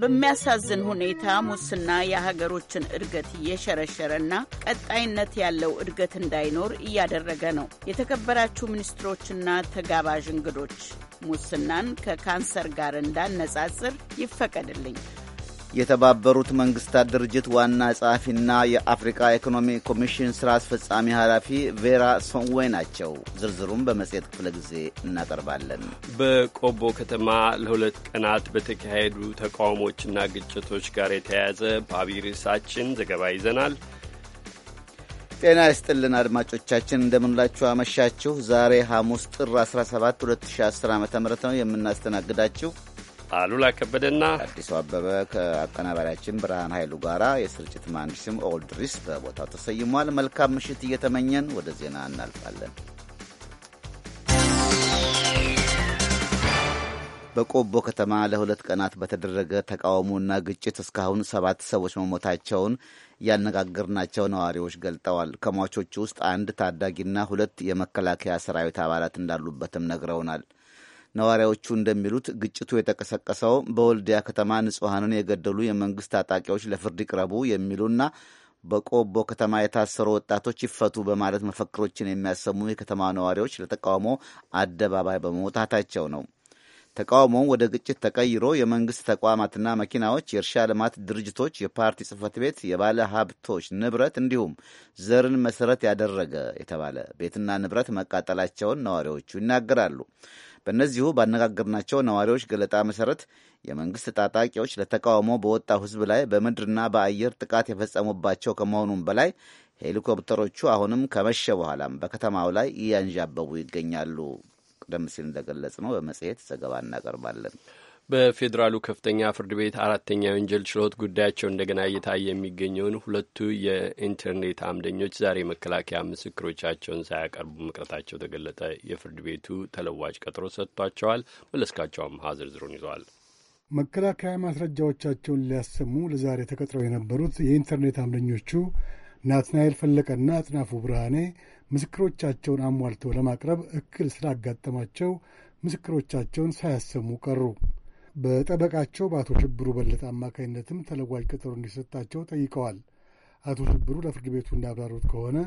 በሚያሳዝን ሁኔታ ሙስና የሀገሮችን እድገት እየሸረሸረና ቀጣይነት ያለው እድገት እንዳይኖር እያደረገ ነው። የተከበራችሁ ሚኒስትሮችና ተጋባዥ እንግዶች ሙስናን ከካንሰር ጋር እንዳነጻጽር ይፈቀድልኝ። የተባበሩት መንግስታት ድርጅት ዋና ጸሐፊና የአፍሪካ ኢኮኖሚ ኮሚሽን ሥራ አስፈጻሚ ኃላፊ ቬራ ሶንዌ ናቸው። ዝርዝሩም በመጽሔት ክፍለ ጊዜ እናቀርባለን። በቆቦ ከተማ ለሁለት ቀናት በተካሄዱ ተቃውሞችና ግጭቶች ጋር የተያያዘ በአብይ ርዕሳችን ዘገባ ይዘናል። ጤና ይስጥልን አድማጮቻችን፣ እንደምንላችሁ አመሻችሁ። ዛሬ ሐሙስ ጥር 17 2010 ዓ ም ነው የምናስተናግዳችሁ አሉላ ከበደና አዲሱ አበበ ከአቀናባሪያችን ብርሃን ኃይሉ ጋራ የስርጭት መሐንዲስም ኦልድሪስ በቦታው ተሰይሟል። መልካም ምሽት እየተመኘን ወደ ዜና እናልፋለን። በቆቦ ከተማ ለሁለት ቀናት በተደረገ ተቃውሞና ግጭት እስካሁን ሰባት ሰዎች መሞታቸውን ያነጋገርናቸው ነዋሪዎች ገልጠዋል። ከሟቾቹ ውስጥ አንድ ታዳጊና ሁለት የመከላከያ ሰራዊት አባላት እንዳሉበትም ነግረውናል። ነዋሪዎቹ እንደሚሉት ግጭቱ የተቀሰቀሰው በወልዲያ ከተማ ንጹሐንን የገደሉ የመንግስት ታጣቂዎች ለፍርድ ይቅረቡ የሚሉና በቆቦ ከተማ የታሰሩ ወጣቶች ይፈቱ በማለት መፈክሮችን የሚያሰሙ የከተማ ነዋሪዎች ለተቃውሞ አደባባይ በመውጣታቸው ነው። ተቃውሞው ወደ ግጭት ተቀይሮ የመንግስት ተቋማትና መኪናዎች፣ የእርሻ ልማት ድርጅቶች፣ የፓርቲ ጽህፈት ቤት፣ የባለ ሀብቶች ንብረት እንዲሁም ዘርን መሠረት ያደረገ የተባለ ቤትና ንብረት መቃጠላቸውን ነዋሪዎቹ ይናገራሉ። በእነዚሁ ባነጋገርናቸው ነዋሪዎች ገለጣ መሰረት የመንግስት ታጣቂዎች ለተቃውሞ በወጣው ህዝብ ላይ በምድርና በአየር ጥቃት የፈጸሙባቸው ከመሆኑም በላይ ሄሊኮፕተሮቹ አሁንም ከመሸ በኋላም በከተማው ላይ እያንዣበቡ ይገኛሉ። ቀደም ሲል እንደገለጽ ነው በመጽሔት ዘገባ እናቀርባለን። በፌዴራሉ ከፍተኛ ፍርድ ቤት አራተኛ የወንጀል ችሎት ጉዳያቸው እንደገና እየታየ የሚገኘውን ሁለቱ የኢንተርኔት አምደኞች ዛሬ መከላከያ ምስክሮቻቸውን ሳያቀርቡ መቅረታቸው ተገለጠ። የፍርድ ቤቱ ተለዋጭ ቀጠሮ ሰጥቷቸዋል። መለስካቸው አምሃ ዝርዝሩን ይዘዋል። መከላከያ ማስረጃዎቻቸውን ሊያሰሙ ለዛሬ ተቀጥረው የነበሩት የኢንተርኔት አምደኞቹ ናትናኤል ፈለቀና አጥናፉ ብርሃኔ ምስክሮቻቸውን አሟልተው ለማቅረብ እክል ስላጋጠማቸው ምስክሮቻቸውን ሳያሰሙ ቀሩ። በጠበቃቸው በአቶ ሽብሩ በለጠ አማካኝነትም ተለዋጭ ቀጠሮ እንዲሰጣቸው ጠይቀዋል። አቶ ሽብሩ ለፍርድ ቤቱ እንዳብራሩት ከሆነ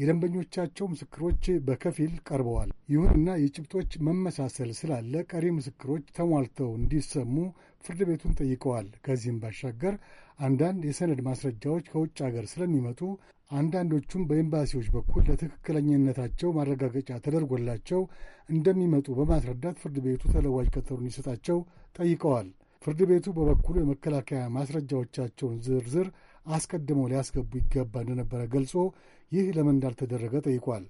የደንበኞቻቸው ምስክሮች በከፊል ቀርበዋል። ይሁንና የጭብጦች መመሳሰል ስላለ ቀሪ ምስክሮች ተሟልተው እንዲሰሙ ፍርድ ቤቱን ጠይቀዋል። ከዚህም ባሻገር አንዳንድ የሰነድ ማስረጃዎች ከውጭ ሀገር ስለሚመጡ አንዳንዶቹም በኤምባሲዎች በኩል ለትክክለኝነታቸው ማረጋገጫ ተደርጎላቸው እንደሚመጡ በማስረዳት ፍርድ ቤቱ ተለዋጅ ቀጠሮ እንዲሰጣቸው ጠይቀዋል። ፍርድ ቤቱ በበኩሉ የመከላከያ ማስረጃዎቻቸውን ዝርዝር አስቀድመው ሊያስገቡ ይገባ እንደነበረ ገልጾ ይህ ለምን እንዳልተደረገ ጠይቋል።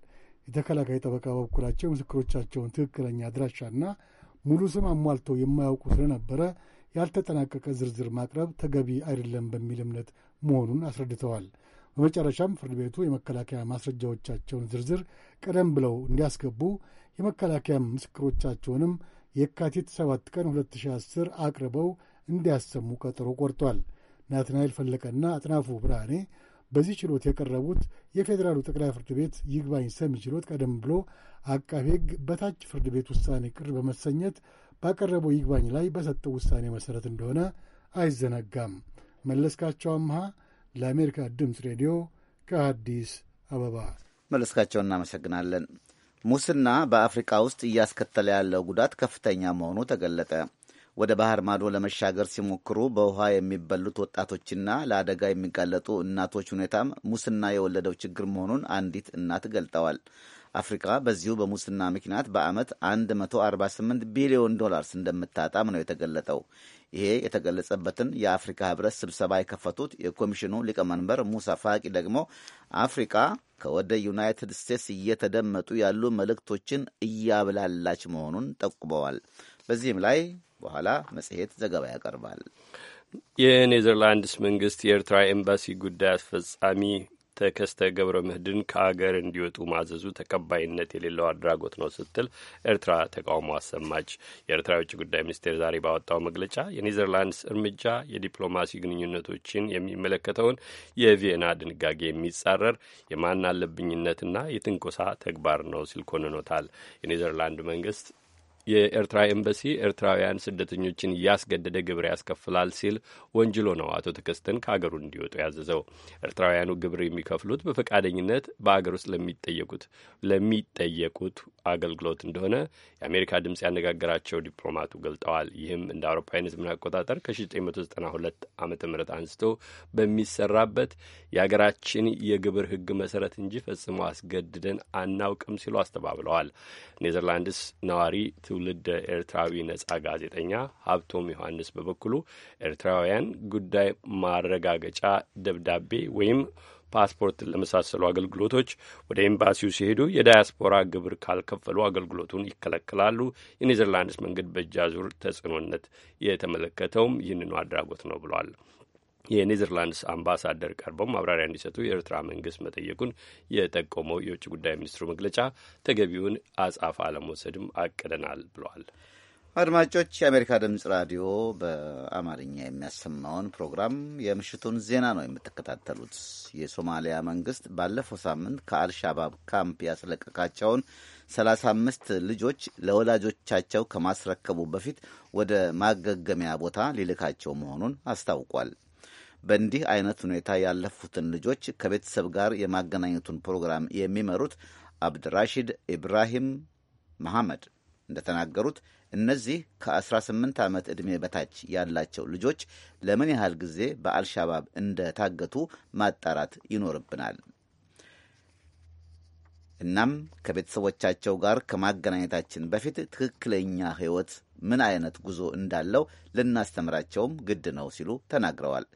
የተከላካይ ጠበቃ በበኩላቸው የምስክሮቻቸውን ትክክለኛ አድራሻና ሙሉ ስም አሟልተው የማያውቁ ስለነበረ ያልተጠናቀቀ ዝርዝር ማቅረብ ተገቢ አይደለም በሚል እምነት መሆኑን አስረድተዋል። በመጨረሻም ፍርድ ቤቱ የመከላከያ ማስረጃዎቻቸውን ዝርዝር ቀደም ብለው እንዲያስገቡ የመከላከያ ምስክሮቻቸውንም የካቲት 7 ቀን 2010 አቅርበው እንዲያሰሙ ቀጠሮ ቆርጧል። ናትናኤል ፈለቀና አጥናፉ ብርሃኔ በዚህ ችሎት የቀረቡት የፌዴራሉ ጠቅላይ ፍርድ ቤት ይግባኝ ሰሚ ችሎት ቀደም ብሎ አቃቤ ሕግ በታች ፍርድ ቤት ውሳኔ ቅር በመሰኘት ባቀረበው ይግባኝ ላይ በሰጠው ውሳኔ መሠረት እንደሆነ አይዘነጋም። መለስካቸው አምሃ ለአሜሪካ ድምፅ ሬዲዮ ከአዲስ አበባ። መለስካቸው እናመሰግናለን። ሙስና በአፍሪካ ውስጥ እያስከተለ ያለው ጉዳት ከፍተኛ መሆኑ ተገለጠ። ወደ ባህር ማዶ ለመሻገር ሲሞክሩ በውሃ የሚበሉት ወጣቶችና ለአደጋ የሚጋለጡ እናቶች ሁኔታም ሙስና የወለደው ችግር መሆኑን አንዲት እናት ገልጠዋል። አፍሪካ በዚሁ በሙስና ምክንያት በዓመት 148 ቢሊዮን ዶላርስ እንደምታጣም ነው የተገለጠው። ይሄ የተገለጸበትን የአፍሪካ ህብረት ስብሰባ የከፈቱት የኮሚሽኑ ሊቀመንበር ሙሳ ፋቂ ደግሞ አፍሪካ ከወደ ዩናይትድ ስቴትስ እየተደመጡ ያሉ መልእክቶችን እያብላላች መሆኑን ጠቁመዋል። በዚህም ላይ በኋላ መጽሔት ዘገባ ያቀርባል። የኔዘርላንድስ መንግስት የኤርትራ ኤምባሲ ጉዳይ አስፈጻሚ ተከስተ ገብረ ምህድን ከአገር እንዲወጡ ማዘዙ ተቀባይነት የሌለው አድራጎት ነው ስትል ኤርትራ ተቃውሞ አሰማች። የኤርትራ የውጭ ጉዳይ ሚኒስቴር ዛሬ ባወጣው መግለጫ የኔዘርላንድስ እርምጃ የዲፕሎማሲ ግንኙነቶችን የሚመለከተውን የቪየና ድንጋጌ የሚጻረር የማን የትንኮሳ ተግባር ነው ሲል ኮንኖታል። የኔዘርላንድ መንግስት የኤርትራ ኤምባሲ ኤርትራውያን ስደተኞችን እያስገደደ ግብር ያስከፍላል ሲል ወንጅሎ ነው አቶ ተከስተን ከአገሩ እንዲወጡ ያዘዘው። ኤርትራውያኑ ግብር የሚከፍሉት በፈቃደኝነት በአገር ውስጥ ለሚጠየቁት ለሚጠየቁት አገልግሎት እንደሆነ የአሜሪካ ድምፅ ያነጋገራቸው ዲፕሎማቱ ገልጠዋል። ይህም እንደ አውሮፓውያን ዘመን አቆጣጠር ከ1992 ዓ ም አንስቶ በሚሰራበት የሀገራችን የግብር ህግ መሰረት እንጂ ፈጽሞ አስገድደን አናውቅም ሲሉ አስተባብለዋል። ኔዘርላንድስ ነዋሪ ትውልድ ኤርትራዊ ነጻ ጋዜጠኛ ሀብቶም ዮሐንስ በበኩሉ ኤርትራውያን ጉዳይ ማረጋገጫ ደብዳቤ ወይም ፓስፖርትን ለመሳሰሉ አገልግሎቶች ወደ ኤምባሲው ሲሄዱ የዳያስፖራ ግብር ካልከፈሉ አገልግሎቱን ይከለከላሉ። የኔዘርላንድስ መንገድ በእጃ ዙር ተጽዕኖነት የተመለከተውም ይህንኑ አድራጎት ነው ብሏል። የኔዘርላንድስ አምባሳደር ቀርበው ማብራሪያ እንዲሰጡ የኤርትራ መንግስት መጠየቁን የጠቆመው የውጭ ጉዳይ ሚኒስትሩ መግለጫ ተገቢውን አጻፋ ለመውሰድም አቅደናል ብለዋል። አድማጮች የአሜሪካ ድምፅ ራዲዮ በአማርኛ የሚያሰማውን ፕሮግራም የምሽቱን ዜና ነው የምትከታተሉት። የሶማሊያ መንግስት ባለፈው ሳምንት ከአልሻባብ ካምፕ ያስለቀቃቸውን 35 ልጆች ለወላጆቻቸው ከማስረከቡ በፊት ወደ ማገገሚያ ቦታ ሊልካቸው መሆኑን አስታውቋል። በእንዲህ አይነት ሁኔታ ያለፉትን ልጆች ከቤተሰብ ጋር የማገናኘቱን ፕሮግራም የሚመሩት አብድራሺድ ኢብራሂም መሐመድ እንደተናገሩት እነዚህ ከ18 ዓመት ዕድሜ በታች ያላቸው ልጆች ለምን ያህል ጊዜ በአልሻባብ እንደታገቱ ማጣራት ይኖርብናል። እናም ከቤተሰቦቻቸው ጋር ከማገናኘታችን በፊት ትክክለኛ ሕይወት ምን አይነት ጉዞ እንዳለው ልናስተምራቸውም ግድ ነው ሲሉ ተናግረዋል።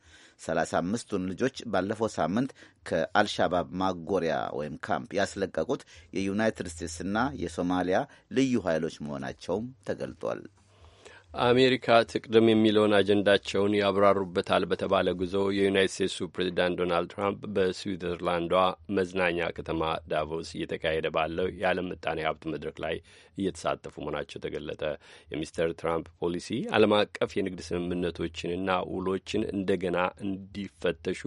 35ቱን ልጆች ባለፈው ሳምንት ከአልሻባብ ማጎሪያ ወይም ካምፕ ያስለቀቁት የዩናይትድ ስቴትስና የሶማሊያ ልዩ ኃይሎች መሆናቸውም ተገልጧል። አሜሪካ ትቅድም የሚለውን አጀንዳቸውን ያብራሩበታል በተባለ ጉዞ የዩናይት ስቴትሱ ፕሬዚዳንት ዶናልድ ትራምፕ በስዊዘርላንዷ መዝናኛ ከተማ ዳቮስ እየተካሄደ ባለው የዓለም ምጣኔ ሀብት መድረክ ላይ እየተሳተፉ መሆናቸው ተገለጠ። የሚስተር ትራምፕ ፖሊሲ ዓለም አቀፍ የንግድ ስምምነቶችንና ውሎችን እንደገና እንዲፈተሹ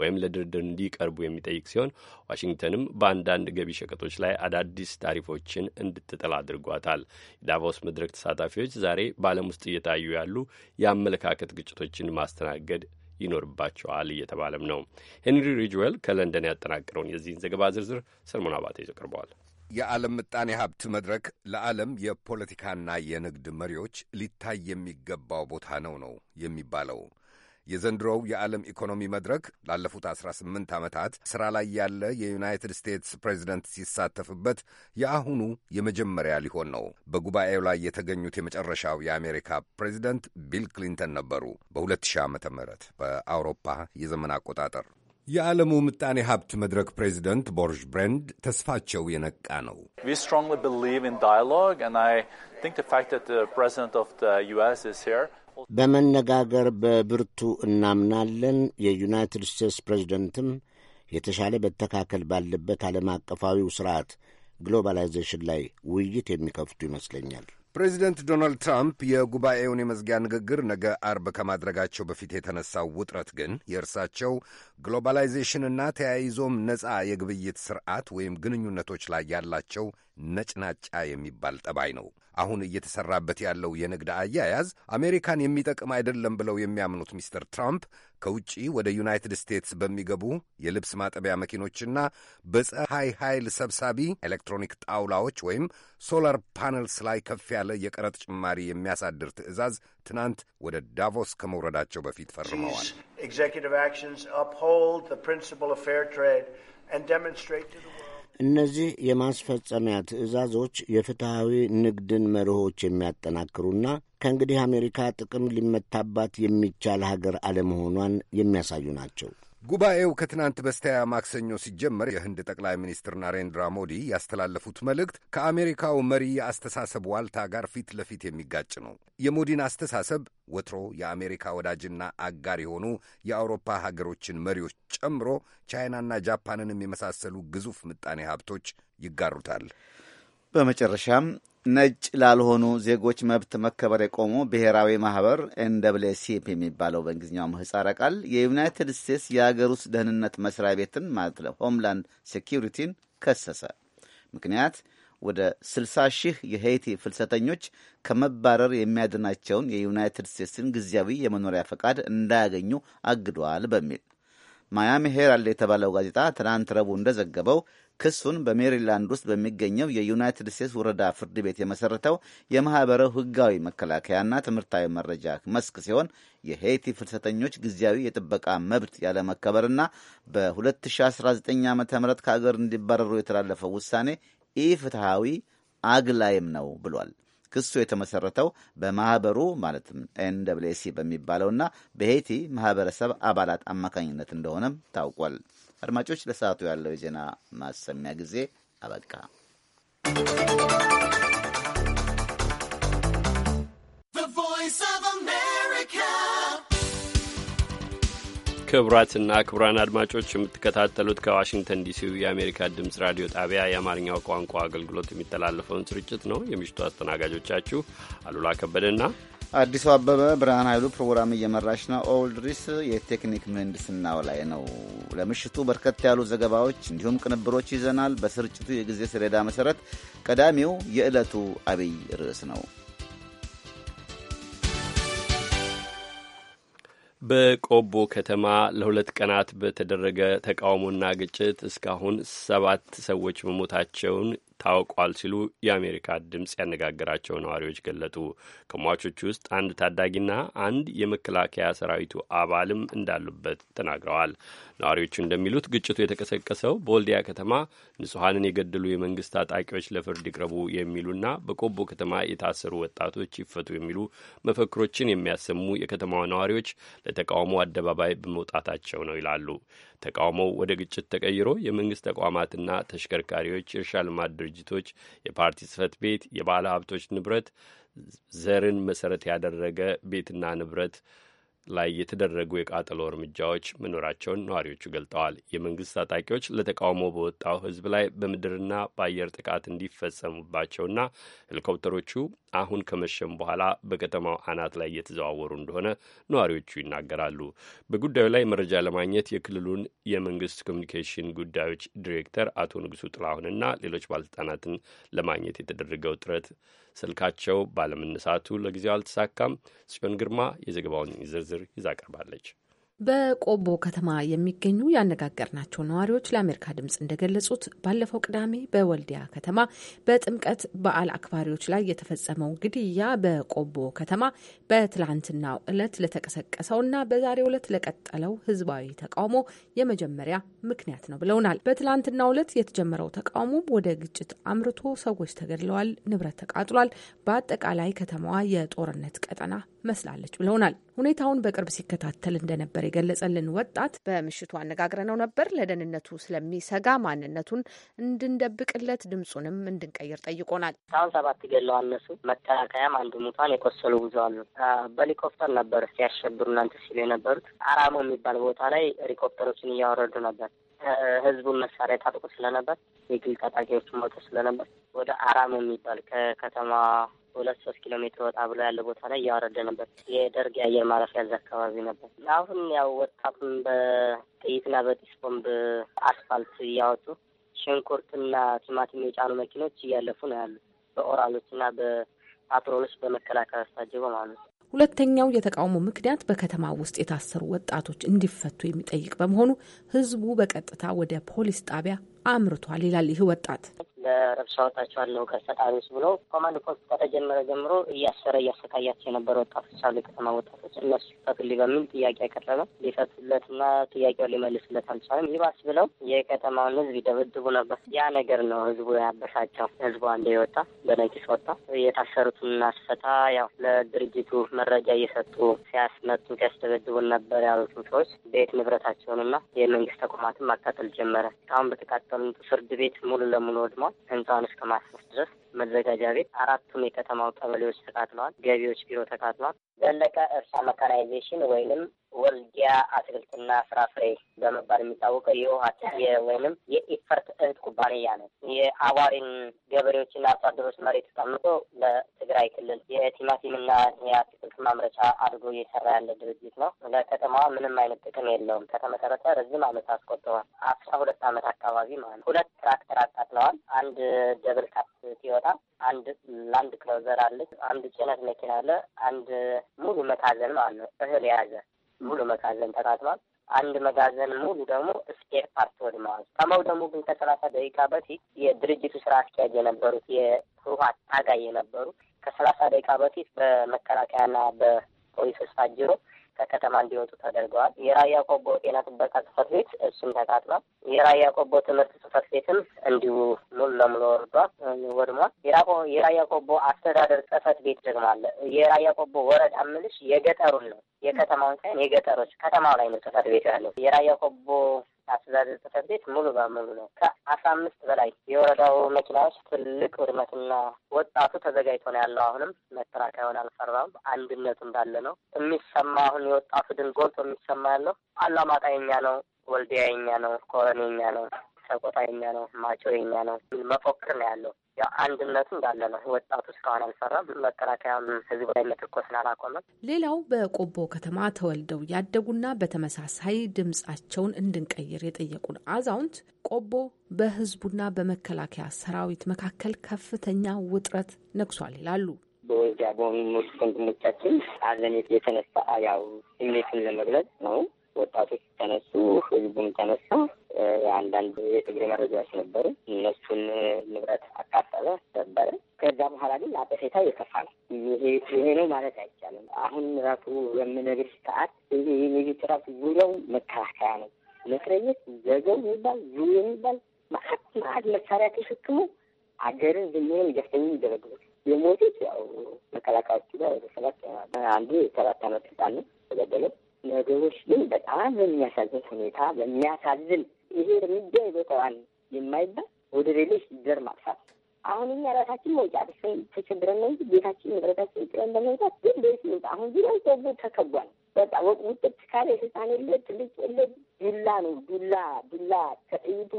ወይም ለድርድር እንዲቀርቡ የሚጠይቅ ሲሆን ዋሽንግተንም በአንዳንድ ገቢ ሸቀጦች ላይ አዳዲስ ታሪፎችን እንድትጥል አድርጓታል። የዳቮስ መድረክ ተሳታፊዎች ዛሬ በዓለም ውስጥ እየታዩ ያሉ የአመለካከት ግጭቶችን ማስተናገድ ይኖርባቸዋል እየተባለም ነው። ሄንሪ ሪጅዌል ከለንደን ያጠናቀረውን የዚህን ዘገባ ዝርዝር ሰለሞን አባተ ይዞ ቀርበዋል። የዓለም ምጣኔ ሀብት መድረክ ለዓለም የፖለቲካና የንግድ መሪዎች ሊታይ የሚገባው ቦታ ነው ነው የሚባለው። የዘንድሮው የዓለም ኢኮኖሚ መድረክ ላለፉት 18 ዓመታት ሥራ ላይ ያለ የዩናይትድ ስቴትስ ፕሬዚደንት ሲሳተፍበት የአሁኑ የመጀመሪያ ሊሆን ነው። በጉባኤው ላይ የተገኙት የመጨረሻው የአሜሪካ ፕሬዚደንት ቢል ክሊንተን ነበሩ በ2000 ዓ ም በአውሮፓ የዘመን አቆጣጠር። የዓለሙ ምጣኔ ሀብት መድረክ ፕሬዚደንት ቦርዥ ብሬንድ ተስፋቸው የነቃ ነው። በመነጋገር በብርቱ እናምናለን። የዩናይትድ ስቴትስ ፕሬዚደንትም የተሻለ መተካከል ባለበት ዓለም አቀፋዊው ስርዓት ግሎባላይዜሽን ላይ ውይይት የሚከፍቱ ይመስለኛል። ፕሬዚደንት ዶናልድ ትራምፕ የጉባኤውን የመዝጊያ ንግግር ነገ አርብ ከማድረጋቸው በፊት የተነሳው ውጥረት ግን የእርሳቸው ግሎባላይዜሽንና ተያይዞም ነፃ የግብይት ስርዓት ወይም ግንኙነቶች ላይ ያላቸው ነጭናጫ የሚባል ጠባይ ነው። አሁን እየተሰራበት ያለው የንግድ አያያዝ አሜሪካን የሚጠቅም አይደለም ብለው የሚያምኑት ሚስተር ትራምፕ ከውጪ ወደ ዩናይትድ ስቴትስ በሚገቡ የልብስ ማጠቢያ መኪኖችና በፀሐይ ኃይል ሰብሳቢ ኤሌክትሮኒክ ጣውላዎች ወይም ሶላር ፓነልስ ላይ ከፍ ያለ የቀረጥ ጭማሪ የሚያሳድር ትዕዛዝ ትናንት ወደ ዳቮስ ከመውረዳቸው በፊት ፈርመዋል። እነዚህ የማስፈጸሚያ ትዕዛዞች የፍትሐዊ ንግድን መርሆች የሚያጠናክሩና ከእንግዲህ አሜሪካ ጥቅም ሊመታባት የሚቻል ሀገር አለመሆኗን የሚያሳዩ ናቸው። ጉባኤው ከትናንት በስቲያ ማክሰኞ ሲጀመር የህንድ ጠቅላይ ሚኒስትር ናሬንድራ ሞዲ ያስተላለፉት መልእክት ከአሜሪካው መሪ የአስተሳሰብ ዋልታ ጋር ፊት ለፊት የሚጋጭ ነው። የሞዲን አስተሳሰብ ወትሮ የአሜሪካ ወዳጅና አጋር የሆኑ የአውሮፓ ሀገሮችን መሪዎች ጨምሮ ቻይናና ጃፓንንም የመሳሰሉ ግዙፍ ምጣኔ ሀብቶች ይጋሩታል። በመጨረሻም ነጭ ላልሆኑ ዜጎች መብት መከበር የቆሙ ብሔራዊ ማህበር ኤንደብሌሲፕ የሚባለው በእንግሊዝኛው ምህጻረ ቃል የዩናይትድ ስቴትስ የአገር ውስጥ ደህንነት መስሪያ ቤትን ማለት ነው ሆምላንድ ሴኪሪቲን ከሰሰ። ምክንያት ወደ 60 ሺህ የሄይቲ ፍልሰተኞች ከመባረር የሚያድናቸውን የዩናይትድ ስቴትስን ጊዜያዊ የመኖሪያ ፈቃድ እንዳያገኙ አግዷል በሚል ማያሚ ሄራልድ የተባለው ጋዜጣ ትናንት ረቡዕ እንደዘገበው ክሱን በሜሪላንድ ውስጥ በሚገኘው የዩናይትድ ስቴትስ ወረዳ ፍርድ ቤት የመሰረተው የማኅበረው ህጋዊ መከላከያና ትምህርታዊ መረጃ መስክ ሲሆን የሄይቲ ፍልሰተኞች ጊዜያዊ የጥበቃ መብት ያለመከበርና በ2019 ዓ ም ከአገር እንዲባረሩ የተላለፈው ውሳኔ ኢፍትሐዊ አግላይም ነው ብሏል። ክሱ የተመሰረተው በማኅበሩ ማለትም ኤን ሲ በሚባለውና በሄይቲ ማኅበረሰብ አባላት አማካኝነት እንደሆነም ታውቋል። አድማጮች፣ ለሰዓቱ ያለው የዜና ማሰሚያ ጊዜ አበቃ። ክቡራትና ክቡራን አድማጮች የምትከታተሉት ከዋሽንግተን ዲሲው የአሜሪካ ድምፅ ራዲዮ ጣቢያ የአማርኛው ቋንቋ አገልግሎት የሚተላለፈውን ስርጭት ነው። የምሽቱ አስተናጋጆቻችሁ አሉላ ከበደና አዲሱ አበበ ብርሃን ኃይሉ ፕሮግራም እየመራች ነው። ኦልድሪስ የቴክኒክ ምህንድስናው ላይ ነው። ለምሽቱ በርከት ያሉ ዘገባዎች እንዲሁም ቅንብሮች ይዘናል። በስርጭቱ የጊዜ ሰሌዳ መሠረት ቀዳሚው የዕለቱ አብይ ርዕስ ነው። በቆቦ ከተማ ለሁለት ቀናት በተደረገ ተቃውሞና ግጭት እስካሁን ሰባት ሰዎች መሞታቸውን ታውቋል ሲሉ የአሜሪካ ድምፅ ያነጋገራቸው ነዋሪዎች ገለጡ። ከሟቾቹ ውስጥ አንድ ታዳጊና አንድ የመከላከያ ሰራዊቱ አባልም እንዳሉበት ተናግረዋል። ነዋሪዎቹ እንደሚሉት ግጭቱ የተቀሰቀሰው በወልዲያ ከተማ ንጹሐንን የገደሉ የመንግስት ታጣቂዎች ለፍርድ ይቅረቡ የሚሉና በቆቦ ከተማ የታሰሩ ወጣቶች ይፈቱ የሚሉ መፈክሮችን የሚያሰሙ የከተማዋ ነዋሪዎች ለተቃውሞ አደባባይ በመውጣታቸው ነው ይላሉ። ተቃውሞው ወደ ግጭት ተቀይሮ የመንግስት ተቋማትና ተሽከርካሪዎች፣ የእርሻ ልማት ድርጅቶች፣ የፓርቲ ጽህፈት ቤት፣ የባለ ሀብቶች ንብረት፣ ዘርን መሰረት ያደረገ ቤትና ንብረት ላይ የተደረጉ የቃጠሎ እርምጃዎች መኖራቸውን ነዋሪዎቹ ገልጠዋል። የመንግስት ታጣቂዎች ለተቃውሞ በወጣው ህዝብ ላይ በምድርና በአየር ጥቃት እንዲፈጸሙባቸውና ሄሊኮፕተሮቹ አሁን ከመሸም በኋላ በከተማው አናት ላይ እየተዘዋወሩ እንደሆነ ነዋሪዎቹ ይናገራሉ። በጉዳዩ ላይ መረጃ ለማግኘት የክልሉን የመንግስት ኮሚኒኬሽን ጉዳዮች ዲሬክተር አቶ ንጉሱ ጥላሁንና ሌሎች ባለስልጣናትን ለማግኘት የተደረገው ጥረት ስልካቸው ባለመነሳቱ ለጊዜው አልተሳካም። ጽዮን ግርማ የዘገባውን ዝርዝር ይዛ ቀርባለች። በቆቦ ከተማ የሚገኙ ያነጋገርናቸው ነዋሪዎች ለአሜሪካ ድምጽ እንደገለጹት ባለፈው ቅዳሜ በወልዲያ ከተማ በጥምቀት በዓል አክባሪዎች ላይ የተፈጸመው ግድያ በቆቦ ከተማ በትላንትናው ዕለት ለተቀሰቀሰውና በዛሬው ዕለት ለቀጠለው ህዝባዊ ተቃውሞ የመጀመሪያ ምክንያት ነው ብለውናል። በትላንትናው ዕለት የተጀመረው ተቃውሞ ወደ ግጭት አምርቶ ሰዎች ተገድለዋል፣ ንብረት ተቃጥሏል። በአጠቃላይ ከተማዋ የጦርነት ቀጠና መስላለች ብለውናል። ሁኔታውን በቅርብ ሲከታተል እንደነበር የገለጸልን ወጣት በምሽቱ አነጋግረነው ነበር። ለደህንነቱ ስለሚሰጋ ማንነቱን እንድንደብቅለት ድምፁንም እንድንቀይር ጠይቆናል። አሁን ሰባት ገለው አነሱ። መከላከያም አንዱ ሙቷን፣ የቆሰሉ ብዙ አሉ። በሄሊኮፕተር ነበር ሲያሸብሩ እናንተ ሲሉ የነበሩት አራሞ የሚባል ቦታ ላይ ሄሊኮፕተሮችን እያወረዱ ነበር። ህዝቡን መሳሪያ ታጥቆ ስለነበር የግል ታጣቂዎች መጡ ስለነበር ወደ አራም የሚባል ከከተማ ሁለት ሶስት ኪሎ ሜትር ወጣ ብሎ ያለ ቦታ ላይ እያወረደ ነበር። የደርግ የአየር ማረፊያ እዛ አካባቢ ነበር። አሁን ያው ወጣቱን በጥይትና በጢስ ቦምብ አስፋልት እያወጡ ሽንኩርትና ቲማቲም የጫኑ መኪኖች እያለፉ ነው ያሉ በኦራሎች እና በፓትሮሎች በመከላከያ ስታጅበ ማለት ነው። ሁለተኛው የተቃውሞ ምክንያት በከተማ ውስጥ የታሰሩ ወጣቶች እንዲፈቱ የሚጠይቅ በመሆኑ ህዝቡ በቀጥታ ወደ ፖሊስ ጣቢያ አምርቷል ይላል ይህ ወጣት። ለረብሻ ወጣቸዋለሁ ከፈጣሪዎች ብሎ ኮማንድ ፖስት ከተጀመረ ጀምሮ እያሰረ እያሰቃያቸው የነበረ ወጣቶች አሉ፣ የከተማ ወጣቶች። እነሱ ፈትልኝ በሚል ጥያቄ ያቀረበ ሊፈትለትና ጥያቄው ሊመልስለት አልቻለም። ይባስ ብለው የከተማውን ህዝብ ይደበድቡ ነበር። ያ ነገር ነው ህዝቡ ያበሳቸው። ህዝቡ አንዴ የወጣ በነቂስ ወጣ። የታሰሩትን እናስፈታ ያው ለድርጅቱ መረጃ እየሰጡ ሲያስመጡ ሲያስደበድቡን ነበር ያሉትም ሰዎች ቤት ንብረታቸውንና የመንግስት ተቋማትን ማቃጠል ጀመረ። አሁን በተቃጠሉ ፍርድ ቤት ሙሉ ለሙሉ ወድሟል። ህንፃውን እስከ ማስፈስ ድረስ መዘጋጃ ቤት፣ አራቱም የከተማው ቀበሌዎች ተቃጥለዋል። ገቢዎች ቢሮ ተቃጥሏል። ዘለቀ እርሻ መካናይዜሽን ወይንም ወልዲያ አትክልትና ፍራፍሬ በመባል የሚታወቀው የውሀት ወይንም የኢፈርት እህት ኩባንያ ነው። የአዋሪን ገበሬዎችና አርሶ አደሮች መሬት ተቀምጦ ለትግራይ ክልል የቲማቲምና የአትክልት ማምረቻ አድርጎ እየሰራ ያለ ድርጅት ነው። ለከተማዋ ምንም አይነት ጥቅም የለውም። ከተመሰረተ ረዝም ዓመት አስቆጥሯል። አስራ ሁለት ዓመት አካባቢ ማለት ነው። ሁለት ትራክተር አቃጥለዋል። አንድ ደብል ካፕ ሲወጣ አንድ ላንድ ክሎዘር አለች። አንድ ጭነት መኪና አለ። አንድ ሙሉ መታዘን ማለት ነው እህል የያዘ ሙሉ መጋዘን ተቃጥሏል። አንድ መጋዘን ሙሉ ደግሞ ስፔር ፓርት ወድመዋል። ከመውደሙ ግን ከሰላሳ ደቂቃ በፊት የድርጅቱ ስራ አስኪያጅ የነበሩት የህወሓት ታጋይ የነበሩ ከሰላሳ ደቂቃ በፊት በመከላከያና በፖሊሶች ታጅሮ ከከተማ እንዲወጡ ተደርገዋል። የራያ ቆቦ ጤና ጥበቃ ጽህፈት ቤት እሱም ተቃጥሏል። የራያ ቆቦ ትምህርት ጽህፈት ቤትም እንዲሁ ሙሉ ለሙሉ ወርዷል፣ ወድሟል። የራያ ቆቦ አስተዳደር ጽህፈት ቤት ደግሞ አለ። የራያ ቆቦ ወረዳ ምልሽ የገጠሩን ነው የከተማውን ሳይሆን የገጠሮች ከተማው ላይ ነው ጽህፈት ቤት ያለው የራያ ቆቦ አስተዳደር ጽሕፈት ቤት ሙሉ በሙሉ ነው። ከአስራ አምስት በላይ የወረዳው መኪናዎች ትልቅ ውድመትና ወጣቱ ተዘጋጅቶ ነው ያለው። አሁንም መከራከሪያውን አልፈራም። አንድነቱ እንዳለ ነው የሚሰማ። አሁን የወጣቱ ድምፅ ጎልቶ የሚሰማ ያለው አላማጣ የኛ ነው፣ ወልዲያ የኛ ነው፣ ኮረኔ የኛ ነው ሰቆጣ የኛ ነው፣ ማጮ የኛ ነው፣ መፎክር ነው ያለው። ያው አንድነቱ እንዳለ ነው። ወጣቱ እስካሁን አልሰራም። መከላከያም ህዝቡ ላይ መተኮስን አላቆመም። ሌላው በቆቦ ከተማ ተወልደው ያደጉና በተመሳሳይ ድምጻቸውን እንድንቀይር የጠየቁን አዛውንት ቆቦ በህዝቡና በመከላከያ ሰራዊት መካከል ከፍተኛ ውጥረት ነግሷል ይላሉ። በወልዲያ በሆኑ ወንድሞቻችን አዘኔት የተነሳ ያው ስሜትን ለመግለጽ ነው ወጣቶች ተነሱ፣ ህዝቡም ተነሳ። አንዳንድ የትግሬ መረጃዎች ነበሩ። እነሱን ንብረት አቃጠለ፣ ሰበረ። ከዛ በኋላ ግን አጠፌታ የከፋ ነው። ይሄ ነው ማለት አይቻልም። አሁን ራሱ የምነግርሽ ሰዓት ይህ ራሱ ዙሪያው መከላከያ ነው። መትረየስ ዘገው የሚባል ዙ የሚባል ማአት ማአት መሳሪያ ተሸክሞ አገርን ዝምንም ገፍተኝ ይደረግበት የሞቱት ያው መከላከያዎቹ ጋር ወደ ሰባት አንዱ የሰባት አመት ህጻን ነው ተገደለው ነገሮች ግን በጣም በሚያሳዝን ሁኔታ በሚያሳዝን ይሄ እርምጃ ይበቃዋል የማይባል ወደ ሌሎች ዘር ማጥፋት አሁን እኛ ራሳችን መውጫ አጥፍን ተቸግረን ነው እንጂ ቤታችን ንብረታችን ጥለን በመውጣት ግን ቤት ይውጣ። አሁን ዙሪያ ሰው ተከቧል። በቃ ውጥት ካለ ህፃን የለ ትልቅ የለ ዱላ ነው ዱላ ዱላ ከጥይቱ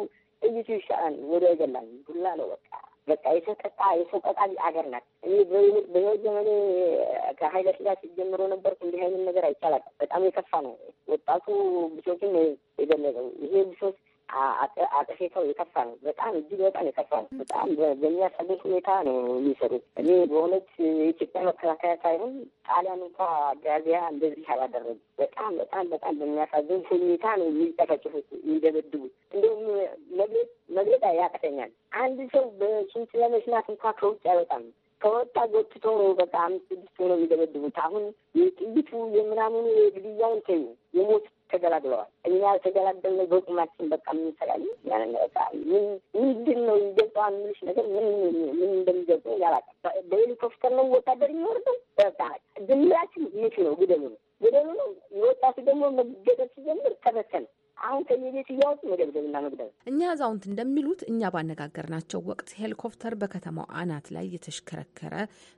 ጥይቱ ይሻላል ወደ ገላል ዱላ ነው በቃ በቃ የሰቀጣ የሰቀጣ አገር ናት። በህይወት ዘመኔ ከሀይለ ሥላሴ ጀምሮ ነበርኩ እንዲህ አይነት ነገር አይቻላል። በጣም የከፋ ነው። ወጣቱ ብሶቱን የገለጸው ይሄ ብሶት አጠፌታው የከፋ ነው። በጣም እጅግ በጣም የከፋ ነው። በጣም በሚያሳልፍ ሁኔታ ነው የሚሰሩት። እኔ በእውነት የኢትዮጵያ መከላከያ ሳይሆን ጣሊያን እንኳ ጋዜያ እንደዚህ አላደረጉ። በጣም በጣም በጣም በሚያሳዝን ሁኔታ ነው የሚጨፈጭፉት፣ የሚደበድቡት። እንደውም መግለጽ መግለጽ ያቅተኛል። አንድ ሰው በሽንት ለመሽናት እንኳ ከውጭ አይወጣም። ከወጣ ጎትቶ ነው በጣም ስድስት ነው የሚደበድቡት። አሁን የጥይቱ የምናምኑ የግድያውን ተዩ የሞት ተገላግለዋል። እኛ ተገላገልነው በቁማችን በቃ የምንሰላል ያንን ምንድን ነው ይገልጸዋል የምልሽ ነገር ምን ምን እንደሚገልጸው ያላቀ በሄሊኮፕተር ነው ወታደር የሚወርደው በቃ ድምላችን ይህ ነው ግደሉ ነው ግደሉ ነው። የወጣቱ ደግሞ መገደል ሲጀምር ተበተነ አሁን ከቤት እያወጡ መደብደብና መግደል። እኛ አዛውንት እንደሚሉት እኛ ባነጋገርናቸው ወቅት ሄሊኮፕተር በከተማው አናት ላይ እየተሽከረከረ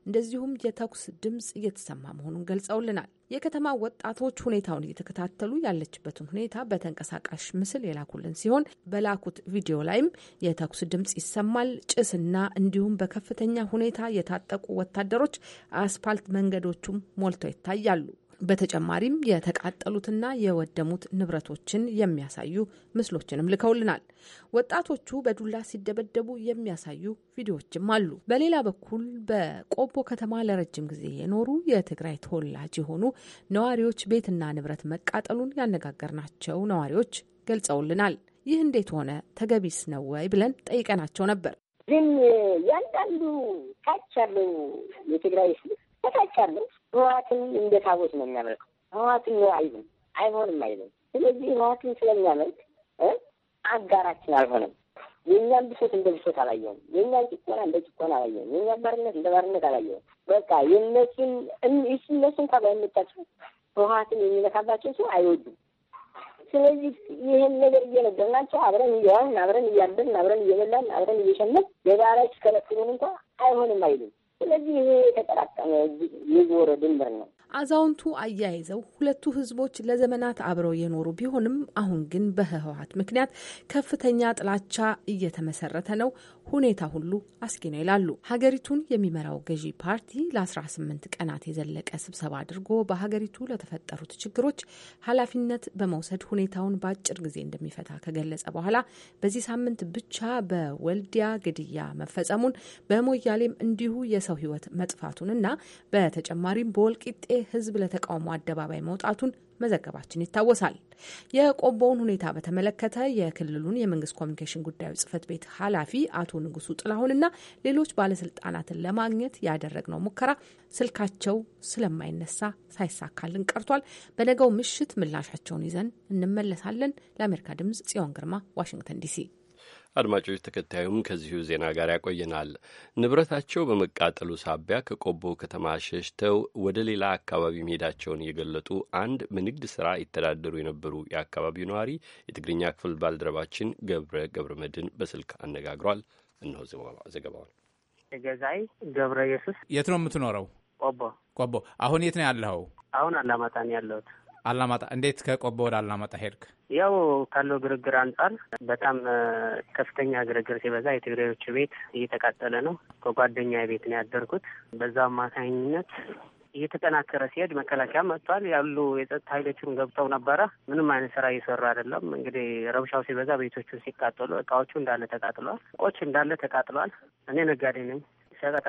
እንደዚሁም የተኩስ ድምፅ እየተሰማ መሆኑን ገልጸውልናል። የከተማ ወጣቶች ሁኔታውን እየተከታተሉ ያለችበትን ሁኔታ በተንቀሳቃሽ ምስል የላኩልን ሲሆን በላኩት ቪዲዮ ላይም የተኩስ ድምፅ ይሰማል፣ ጭስና እንዲሁም በከፍተኛ ሁኔታ የታጠቁ ወታደሮች አስፋልት መንገዶቹም ሞልተው ይታያሉ። በተጨማሪም የተቃጠሉትና የወደሙት ንብረቶችን የሚያሳዩ ምስሎችንም ልከውልናል። ወጣቶቹ በዱላ ሲደበደቡ የሚያሳዩ ቪዲዮዎችም አሉ። በሌላ በኩል በቆቦ ከተማ ለረጅም ጊዜ የኖሩ የትግራይ ተወላጅ የሆኑ ነዋሪዎች ቤትና ንብረት መቃጠሉን ያነጋገርናቸው ነዋሪዎች ገልጸውልናል። ይህ እንዴት ሆነ? ተገቢስ ነው ወይ ብለን ጠይቀናቸው ነበር። ግን ያንዳንዱ ታች ያለው የትግራይ ተሳቻለሁ። ህወሀትን እንደታቦት ነው የሚያመልከው። ህወሀትን ነው አይልም፣ አይሆንም አይልም። ስለዚህ ህወሀትን ስለሚያመልክ አጋራችን አልሆነም። የእኛን ብሶት እንደ ብሶት አላየውም። የእኛን ጭቆና እንደ ጭቆና አላየውም። የእኛን ባርነት እንደ ባርነት አላየውም። በቃ የእነሱን እሱ እነሱ እንኳ ባይመጣቸው ህወሀትን የሚነካባቸው ሰው አይወዱም። ስለዚህ ይህን ነገር እየነገርናቸው አብረን እየዋልን አብረን እያደርን አብረን እየበላን አብረን እየሸመት የጋራች ከለክሉን እንኳ አይሆንም አይሉም። ስለዚህ ይሄ የተጠራቀመ የዞረ ድንበር ነው። አዛውንቱ አያይዘው ሁለቱ ህዝቦች ለዘመናት አብረው የኖሩ ቢሆንም አሁን ግን በህወሀት ምክንያት ከፍተኛ ጥላቻ እየተመሰረተ ነው፣ ሁኔታ ሁሉ አስጊ ነው ይላሉ። ሀገሪቱን የሚመራው ገዢ ፓርቲ ለ18 ቀናት የዘለቀ ስብሰባ አድርጎ በሀገሪቱ ለተፈጠሩት ችግሮች ኃላፊነት በመውሰድ ሁኔታውን በአጭር ጊዜ እንደሚፈታ ከገለጸ በኋላ በዚህ ሳምንት ብቻ በወልዲያ ግድያ መፈጸሙን በሞያሌም እንዲሁ የሰው መጥፋቱን መጥፋቱንና በተጨማሪም በወልቂጤ ህዝብ ለተቃውሞ አደባባይ መውጣቱን መዘገባችን ይታወሳል። የቆቦውን ሁኔታ በተመለከተ የክልሉን የመንግስት ኮሚኒኬሽን ጉዳዮች ጽህፈት ቤት ኃላፊ አቶ ንጉሱ ጥላሁንና ሌሎች ባለስልጣናትን ለማግኘት ያደረግነው ሙከራ ስልካቸው ስለማይነሳ ሳይሳካልን ቀርቷል። በነገው ምሽት ምላሻቸውን ይዘን እንመለሳለን። ለአሜሪካ ድምጽ ጽዮን ግርማ ዋሽንግተን ዲሲ አድማጮች ተከታዩም ከዚሁ ዜና ጋር ያቆየናል። ንብረታቸው በመቃጠሉ ሳቢያ ከቆቦ ከተማ ሸሽተው ወደ ሌላ አካባቢ መሄዳቸውን የገለጡ አንድ በንግድ ስራ ይተዳደሩ የነበሩ የአካባቢው ነዋሪ የትግርኛ ክፍል ባልደረባችን ገብረ ገብረ መድን በስልክ አነጋግሯል። እነሆ ዘገባዋል። ገዛይ ገብረ ኢየሱስ። የት ነው የምትኖረው? ቆቦ። ቆቦ። አሁን የት ነው ያለኸው? አሁን አላማጣን ያለሁት አላማጣ እንዴት ከቆቦ ወደ አላማጣ ሄድክ? ያው ካለው ግርግር አንጻር በጣም ከፍተኛ ግርግር ሲበዛ የትግራዮች ቤት እየተቃጠለ ነው። ከጓደኛ ቤት ነው ያደርኩት። በዛ አማካኝነት እየተጠናከረ ሲሄድ መከላከያ መጥቷል። ያሉ የጸጥታ ኃይሎችም ገብተው ነበረ። ምንም አይነት ስራ እየሰሩ አይደለም። እንግዲህ ረብሻው ሲበዛ ቤቶቹ ሲቃጠሉ፣ እቃዎቹ እንዳለ ተቃጥሏል። እቃዎች እንዳለ ተቃጥሏል። እኔ ነጋዴ ነኝ። ሸቀጣ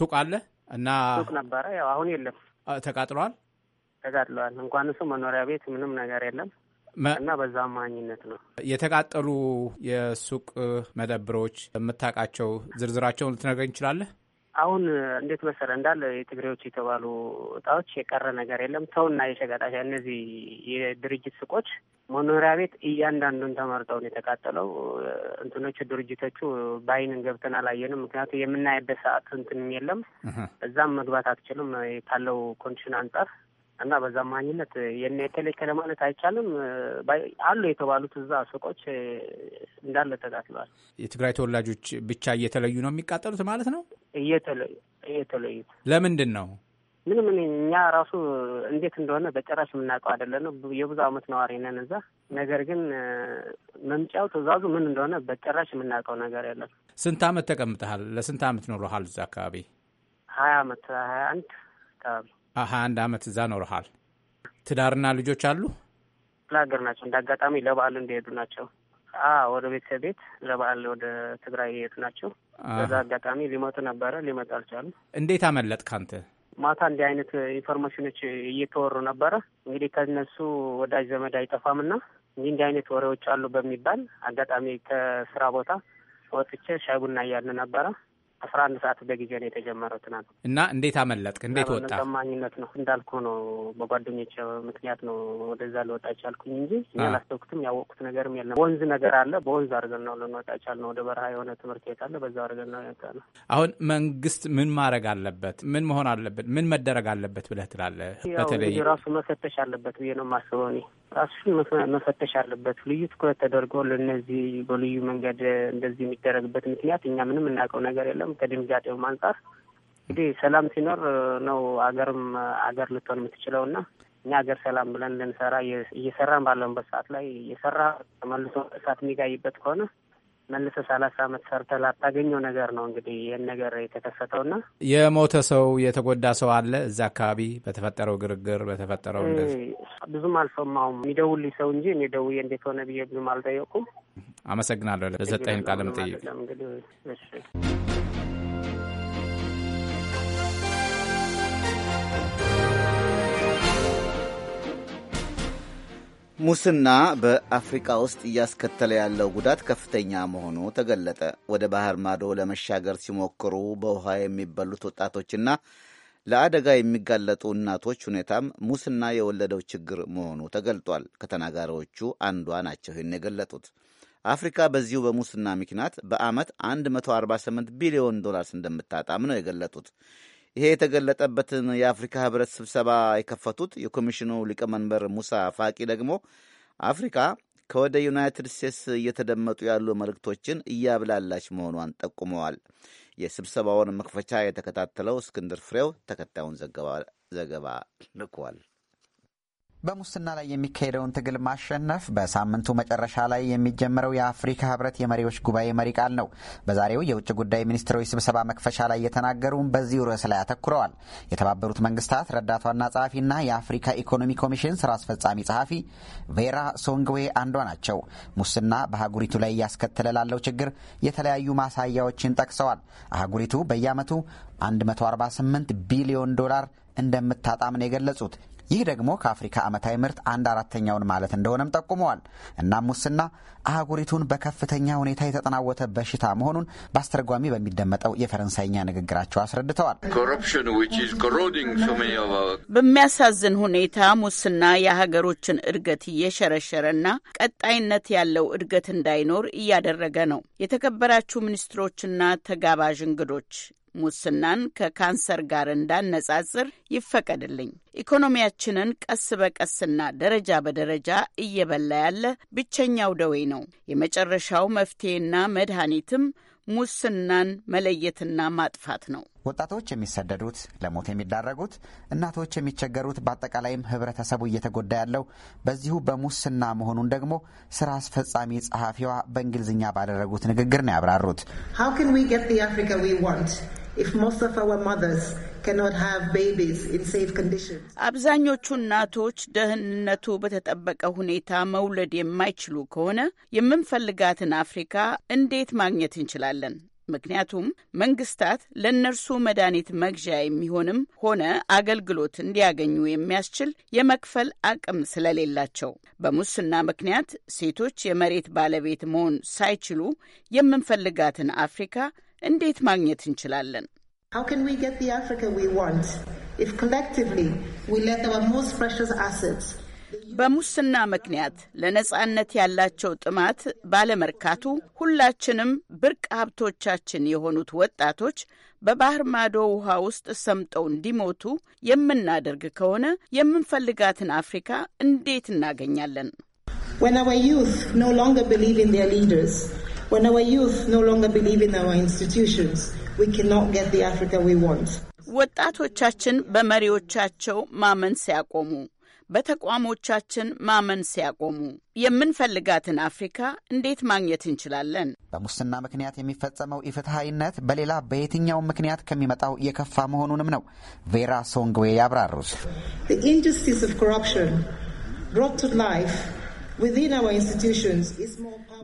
ሱቅ አለ እና ሱቅ ነበረ። ያው አሁን የለም ተቃጥሏል። ተጋድለዋል። እንኳን እሱ መኖሪያ ቤት ምንም ነገር የለም እና በዛ አማኝነት ነው የተቃጠሉ የሱቅ መደብሮች የምታውቃቸው ዝርዝራቸውን ልትነግረኝ ትችላለህ? አሁን እንዴት መሰለ እንዳለ የትግሬዎች የተባሉ እጣዎች የቀረ ነገር የለም። ተውና የሸቀጣሻ እነዚህ የድርጅት ሱቆች መኖሪያ ቤት እያንዳንዱን ተመርጠውን የተቃጠለው። እንትኖቹ ድርጅቶቹ በአይንን ገብተን አላየንም። ምክንያቱም የምናያበት ሰዓት እንትንም የለም። እዛም መግባት አትችልም ካለው ኮንዲሽን አንጻር እና በዛ ማኝነት የነ የተለከለ ማለት አይቻልም። አሉ የተባሉት እዛ ሱቆች እንዳለ ተቃጥለዋል። የትግራይ ተወላጆች ብቻ እየተለዩ ነው የሚቃጠሉት ማለት ነው። እየተለዩት ለምንድን ነው? ምን እኛ ራሱ እንዴት እንደሆነ በጭራሽ የምናውቀው አይደለም። የብዙ አመት ነዋሪ ነን እዛ። ነገር ግን መምጫው ትእዛዙ ምን እንደሆነ በጭራሽ የምናውቀው ነገር የለም። ስንት አመት ተቀምጠሃል? ለስንት አመት ኖረሃል እዛ አካባቢ? ሀያ አመት ሀያ አንድ አካባቢ አሀ አንድ አመት እዛ ኖርሃል። ትዳርና ልጆች አሉ? ለሀገር ናቸው። እንደ አጋጣሚ ለበዓል እንደሄዱ ናቸው። ወደ ቤተሰብ ቤት ለበዓል ወደ ትግራይ የሄዱ ናቸው። በዛ አጋጣሚ ሊመጡ ነበረ፣ ሊመጡ አልቻሉ። እንዴት አመለጥክ አንተ? ማታ እንዲህ አይነት ኢንፎርሜሽኖች እየተወሩ ነበረ። እንግዲህ ከነሱ ወዳጅ ዘመድ አይጠፋም እና እንዲህ እንዲህ አይነት ወሬዎች አሉ በሚባል አጋጣሚ ከስራ ቦታ ወጥቼ ሻይ ቡና እያልን ነበረ አስራ አንድ ሰዓት በጊዜ ነው የተጀመረው ትናንት። እና እንዴት አመለጥክ? እንዴት ወጣ? ቀማኝነት ነው እንዳልኩ ነው። በጓደኞች ምክንያት ነው ወደዛ ልወጣ ቻልኩኝ እንጂ እኔ ያወቅኩት ነገርም የለም። ወንዝ ነገር አለ። በወንዝ አድርገን ነው ልንወጣ ቻል ነው። ወደ በረሃ የሆነ ትምህርት ቤት አለ። በዛ አድርገን ነው ያወጣ ነው። አሁን መንግስት ምን ማድረግ አለበት? ምን መሆን አለበት? ምን መደረግ አለበት ብለህ ትላለህ? በተለይ ራሱ መፈተሽ አለበት ብዬ ነው የማስበው እኔ ራሱን መፈተሽ አለበት። ልዩ ትኩረት ተደርጎ ለእነዚህ በልዩ መንገድ እንደዚህ የሚደረግበት ምክንያት እኛ ምንም እናውቀው ነገር የለም። ከድንጋጤውም አንጻር እንግዲህ ሰላም ሲኖር ነው አገርም አገር ልትሆን የምትችለው እና እኛ ሀገር ሰላም ብለን ልንሰራ እየሰራን ባለንበት ሰዓት ላይ እየሰራ ተመልሶ እሳት የሚጋይበት ከሆነ መልሰ ሰላሳ አመት ሰርተ ላታገኘው ነገር ነው እንግዲህ ይህን ነገር የተከሰተውና የሞተ ሰው የተጎዳ ሰው አለ እዛ አካባቢ በተፈጠረው ግርግር በተፈጠረው ብዙም አልሰማውም። የሚደውልኝ ሰው እንጂ እኔ ደውዬ እንዴት ሆነ ብዬ ብዙም አልጠየቁም። አመሰግናለሁ ለሰጠኝ ቃለ መጠይቅ። ሙስና በአፍሪካ ውስጥ እያስከተለ ያለው ጉዳት ከፍተኛ መሆኑ ተገለጠ። ወደ ባህር ማዶ ለመሻገር ሲሞክሩ በውሃ የሚበሉት ወጣቶችና ለአደጋ የሚጋለጡ እናቶች ሁኔታም ሙስና የወለደው ችግር መሆኑ ተገልጧል። ከተናጋሪዎቹ አንዷ ናቸው ይህን የገለጡት። አፍሪካ በዚሁ በሙስና ምክንያት በዓመት 148 ቢሊዮን ዶላርስ እንደምታጣም ነው የገለጡት። ይሄ የተገለጠበትን የአፍሪካ ህብረት ስብሰባ የከፈቱት የኮሚሽኑ ሊቀመንበር ሙሳ ፋቂ ደግሞ አፍሪካ ከወደ ዩናይትድ ስቴትስ እየተደመጡ ያሉ መልእክቶችን እያብላላች መሆኗን ጠቁመዋል። የስብሰባውን መክፈቻ የተከታተለው እስክንድር ፍሬው ተከታዩን ዘገባ ልኳል። በሙስና ላይ የሚካሄደውን ትግል ማሸነፍ በሳምንቱ መጨረሻ ላይ የሚጀምረው የአፍሪካ ህብረት የመሪዎች ጉባኤ መሪ ቃል ነው። በዛሬው የውጭ ጉዳይ ሚኒስትሮች ስብሰባ መክፈቻ ላይ የተናገሩም በዚሁ ርዕስ ላይ አተኩረዋል። የተባበሩት መንግስታት ረዳቷና ጸሐፊና የአፍሪካ ኢኮኖሚ ኮሚሽን ስራ አስፈጻሚ ጸሐፊ ቬራ ሶንግዌ አንዷ ናቸው። ሙስና በአህጉሪቱ ላይ እያስከተለ ላለው ችግር የተለያዩ ማሳያዎችን ጠቅሰዋል። አህጉሪቱ በየዓመቱ 148 ቢሊዮን ዶላር እንደምታጣም ነው የገለጹት። ይህ ደግሞ ከአፍሪካ ዓመታዊ ምርት አንድ አራተኛውን ማለት እንደሆነም ጠቁመዋል። እናም ሙስና አህጉሪቱን በከፍተኛ ሁኔታ የተጠናወተ በሽታ መሆኑን በአስተርጓሚ በሚደመጠው የፈረንሳይኛ ንግግራቸው አስረድተዋል። በሚያሳዝን ሁኔታ ሙስና የሀገሮችን እድገት እየሸረሸረና ቀጣይነት ያለው እድገት እንዳይኖር እያደረገ ነው። የተከበራችሁ ሚኒስትሮችና ተጋባዥ እንግዶች ሙስናን ከካንሰር ጋር እንዳነጻጽር ይፈቀድልኝ። ኢኮኖሚያችንን ቀስ በቀስና ደረጃ በደረጃ እየበላ ያለ ብቸኛው ደዌ ነው። የመጨረሻው መፍትሄና መድኃኒትም ሙስናን መለየትና ማጥፋት ነው። ወጣቶች የሚሰደዱት፣ ለሞት የሚዳረጉት፣ እናቶች የሚቸገሩት፣ በአጠቃላይም ህብረተሰቡ እየተጎዳ ያለው በዚሁ በሙስና መሆኑን ደግሞ ስራ አስፈጻሚ ጸሐፊዋ በእንግሊዝኛ ባደረጉት ንግግር ነው ያብራሩት። አብዛኞቹ እናቶች ደህንነቱ በተጠበቀ ሁኔታ መውለድ የማይችሉ ከሆነ የምንፈልጋትን አፍሪካ እንዴት ማግኘት እንችላለን? ምክንያቱም መንግስታት ለእነርሱ መድኃኒት መግዣ የሚሆንም ሆነ አገልግሎት እንዲያገኙ የሚያስችል የመክፈል አቅም ስለሌላቸው በሙስና ምክንያት ሴቶች የመሬት ባለቤት መሆን ሳይችሉ የምንፈልጋትን አፍሪካ እንዴት ማግኘት እንችላለን? በሙስና ምክንያት ለነጻነት ያላቸው ጥማት ባለመርካቱ ሁላችንም ብርቅ ሀብቶቻችን የሆኑት ወጣቶች በባህር ማዶ ውሃ ውስጥ ሰምጠው እንዲሞቱ የምናደርግ ከሆነ የምንፈልጋትን አፍሪካ እንዴት እናገኛለን? When our youth no longer believe in our institutions, we cannot get the Africa we want. ወጣቶቻችን በመሪዎቻቸው ማመን ሲያቆሙ በተቋሞቻችን ማመን ሲያቆሙ የምንፈልጋትን አፍሪካ እንዴት ማግኘት እንችላለን? በሙስና ምክንያት የሚፈጸመው ኢፍትሐዊነት በሌላ በየትኛው ምክንያት ከሚመጣው የከፋ መሆኑንም ነው ቬራ ሶንግዌ ያብራሩት።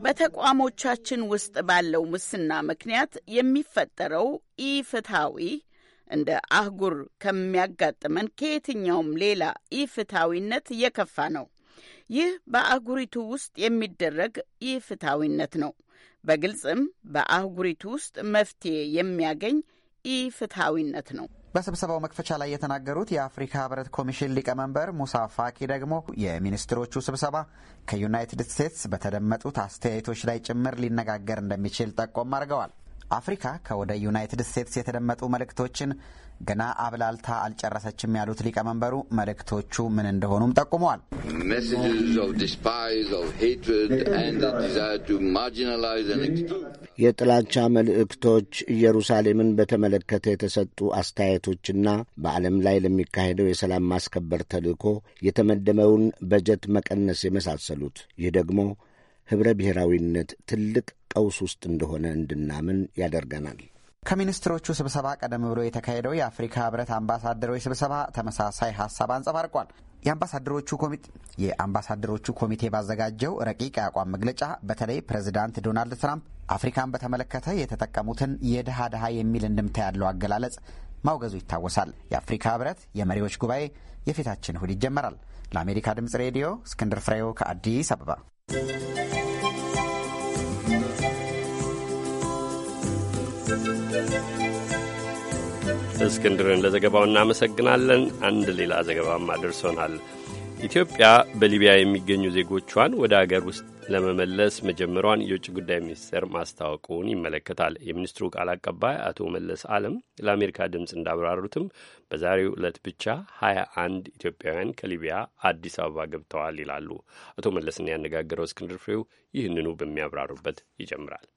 በተቋሞቻችን ውስጥ ባለው ሙስና ምክንያት የሚፈጠረው ኢፍትሐዊ እንደ አህጉር ከሚያጋጥመን ከየትኛውም ሌላ ኢፍትሐዊነት የከፋ ነው። ይህ በአህጉሪቱ ውስጥ የሚደረግ ኢፍትሐዊነት ነው። በግልጽም በአህጉሪቱ ውስጥ መፍትሄ የሚያገኝ ኢፍትሐዊነት ነው። በስብሰባው መክፈቻ ላይ የተናገሩት የአፍሪካ ህብረት ኮሚሽን ሊቀመንበር ሙሳ ፋኪ ደግሞ የሚኒስትሮቹ ስብሰባ ከዩናይትድ ስቴትስ በተደመጡት አስተያየቶች ላይ ጭምር ሊነጋገር እንደሚችል ጠቆም አድርገዋል። አፍሪካ ከወደ ዩናይትድ ስቴትስ የተደመጡ መልእክቶችን ገና አብላልታ አልጨረሰችም ያሉት ሊቀመንበሩ መልእክቶቹ ምን እንደሆኑም ጠቁመዋል። የጥላቻ መልእክቶች ኢየሩሳሌምን በተመለከተ የተሰጡ አስተያየቶችና በዓለም ላይ ለሚካሄደው የሰላም ማስከበር ተልዕኮ የተመደበውን በጀት መቀነስ የመሳሰሉት ይህ ደግሞ ኅብረ ብሔራዊነት ትልቅ ቀውስ ውስጥ እንደሆነ እንድናምን ያደርገናል። ከሚኒስትሮቹ ስብሰባ ቀደም ብሎ የተካሄደው የአፍሪካ ህብረት አምባሳደሮች ስብሰባ ተመሳሳይ ሀሳብ አንጸባርቋል። የአምባሳደሮቹ ኮሚቴ የአምባሳደሮቹ ኮሚቴ ባዘጋጀው ረቂቅ የአቋም መግለጫ በተለይ ፕሬዚዳንት ዶናልድ ትራምፕ አፍሪካን በተመለከተ የተጠቀሙትን የድሃ ድሃ የሚል እንድምታ ያለው አገላለጽ ማውገዙ ይታወሳል። የአፍሪካ ህብረት የመሪዎች ጉባኤ የፊታችን እሁድ ይጀመራል። ለአሜሪካ ድምጽ ሬዲዮ እስክንድር ፍሬው ከአዲስ አበባ እስክንድርን ለዘገባው እናመሰግናለን። አንድ ሌላ ዘገባም አድርሶናል። ኢትዮጵያ በሊቢያ የሚገኙ ዜጎቿን ወደ አገር ውስጥ ለመመለስ መጀመሯን የውጭ ጉዳይ ሚኒስቴር ማስታወቁን ይመለከታል። የሚኒስትሩ ቃል አቀባይ አቶ መለስ አለም ለአሜሪካ ድምፅ እንዳብራሩትም በዛሬው ዕለት ብቻ ሀያ አንድ ኢትዮጵያውያን ከሊቢያ አዲስ አበባ ገብተዋል ይላሉ። አቶ መለስን ያነጋገረው እስክንድር ፍሬው ይህንኑ በሚያብራሩበት ይጀምራል።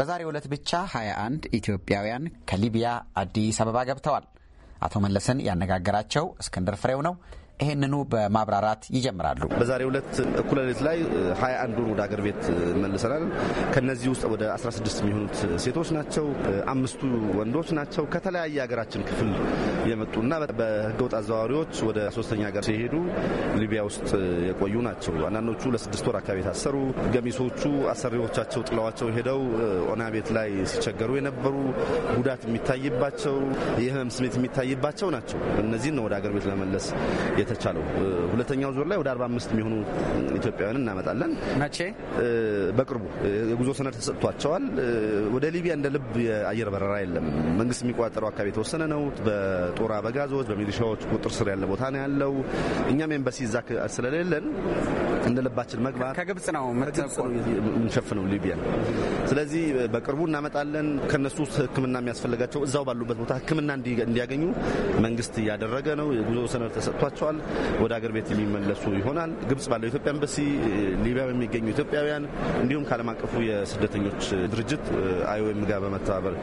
በዛሬው ዕለት ብቻ 21 ኢትዮጵያውያን ከሊቢያ አዲስ አበባ ገብተዋል። አቶ መለስን ያነጋገራቸው እስክንድር ፍሬው ነው። ይህንኑ በማብራራት ይጀምራሉ። በዛሬ ሁለት እኩለ ላይ ሀያ አንዱን ወደ አገር ቤት መልሰናል። ከነዚህ ውስጥ ወደ 16 የሚሆኑት ሴቶች ናቸው፣ አምስቱ ወንዶች ናቸው። ከተለያየ ሀገራችን ክፍል የመጡና በህገወጥ አዘዋዋሪዎች ወደ ሶስተኛ ሀገር ሲሄዱ ሊቢያ ውስጥ የቆዩ ናቸው። አንዳንዶቹ ለስድስት ወር አካባቢ ታሰሩ፣ ገሚሶቹ አሰሪዎቻቸው ጥለዋቸው ሄደው ኦና ቤት ላይ ሲቸገሩ የነበሩ ጉዳት የሚታይባቸው የህመም ስሜት የሚታይባቸው ናቸው። እነዚህን ነው ወደ አገር ቤት ለመለስ የተቻለው። ሁለተኛው ዙር ላይ ወደ 45 የሚሆኑ ኢትዮጵያውያን እናመጣለን። መቼ? በቅርቡ የጉዞ ሰነድ ተሰጥቷቸዋል። ወደ ሊቢያ እንደ ልብ የአየር በረራ የለም። መንግስት የሚቆጣጠረው አካባቢ የተወሰነ ነው። በጦር አበጋዞች፣ በሚሊሻዎች ቁጥር ስር ያለ ቦታ ነው ያለው። እኛም ኤምባሲ እዛ ስለሌለን እንደ ልባችን መግባት ከግብጽ ነው የምንሸፍነው ሊቢያ። ስለዚህ በቅርቡ እናመጣለን። ከነሱ ውስጥ ሕክምና የሚያስፈልጋቸው እዛው ባሉበት ቦታ ሕክምና እንዲያገኙ መንግስት እያደረገ ነው። የጉዞ ሰነድ ተሰጥቷቸዋል። ወደ አገር ቤት የሚመለሱ ይሆናል። ግብጽ ባለው ኢትዮጵያ ኤምባሲ፣ ሊቢያ በሚገኙ ኢትዮጵያውያን እንዲሁም ከዓለም አቀፉ የስደተኞች ድርጅት አይኦኤም ጋር በመተባበር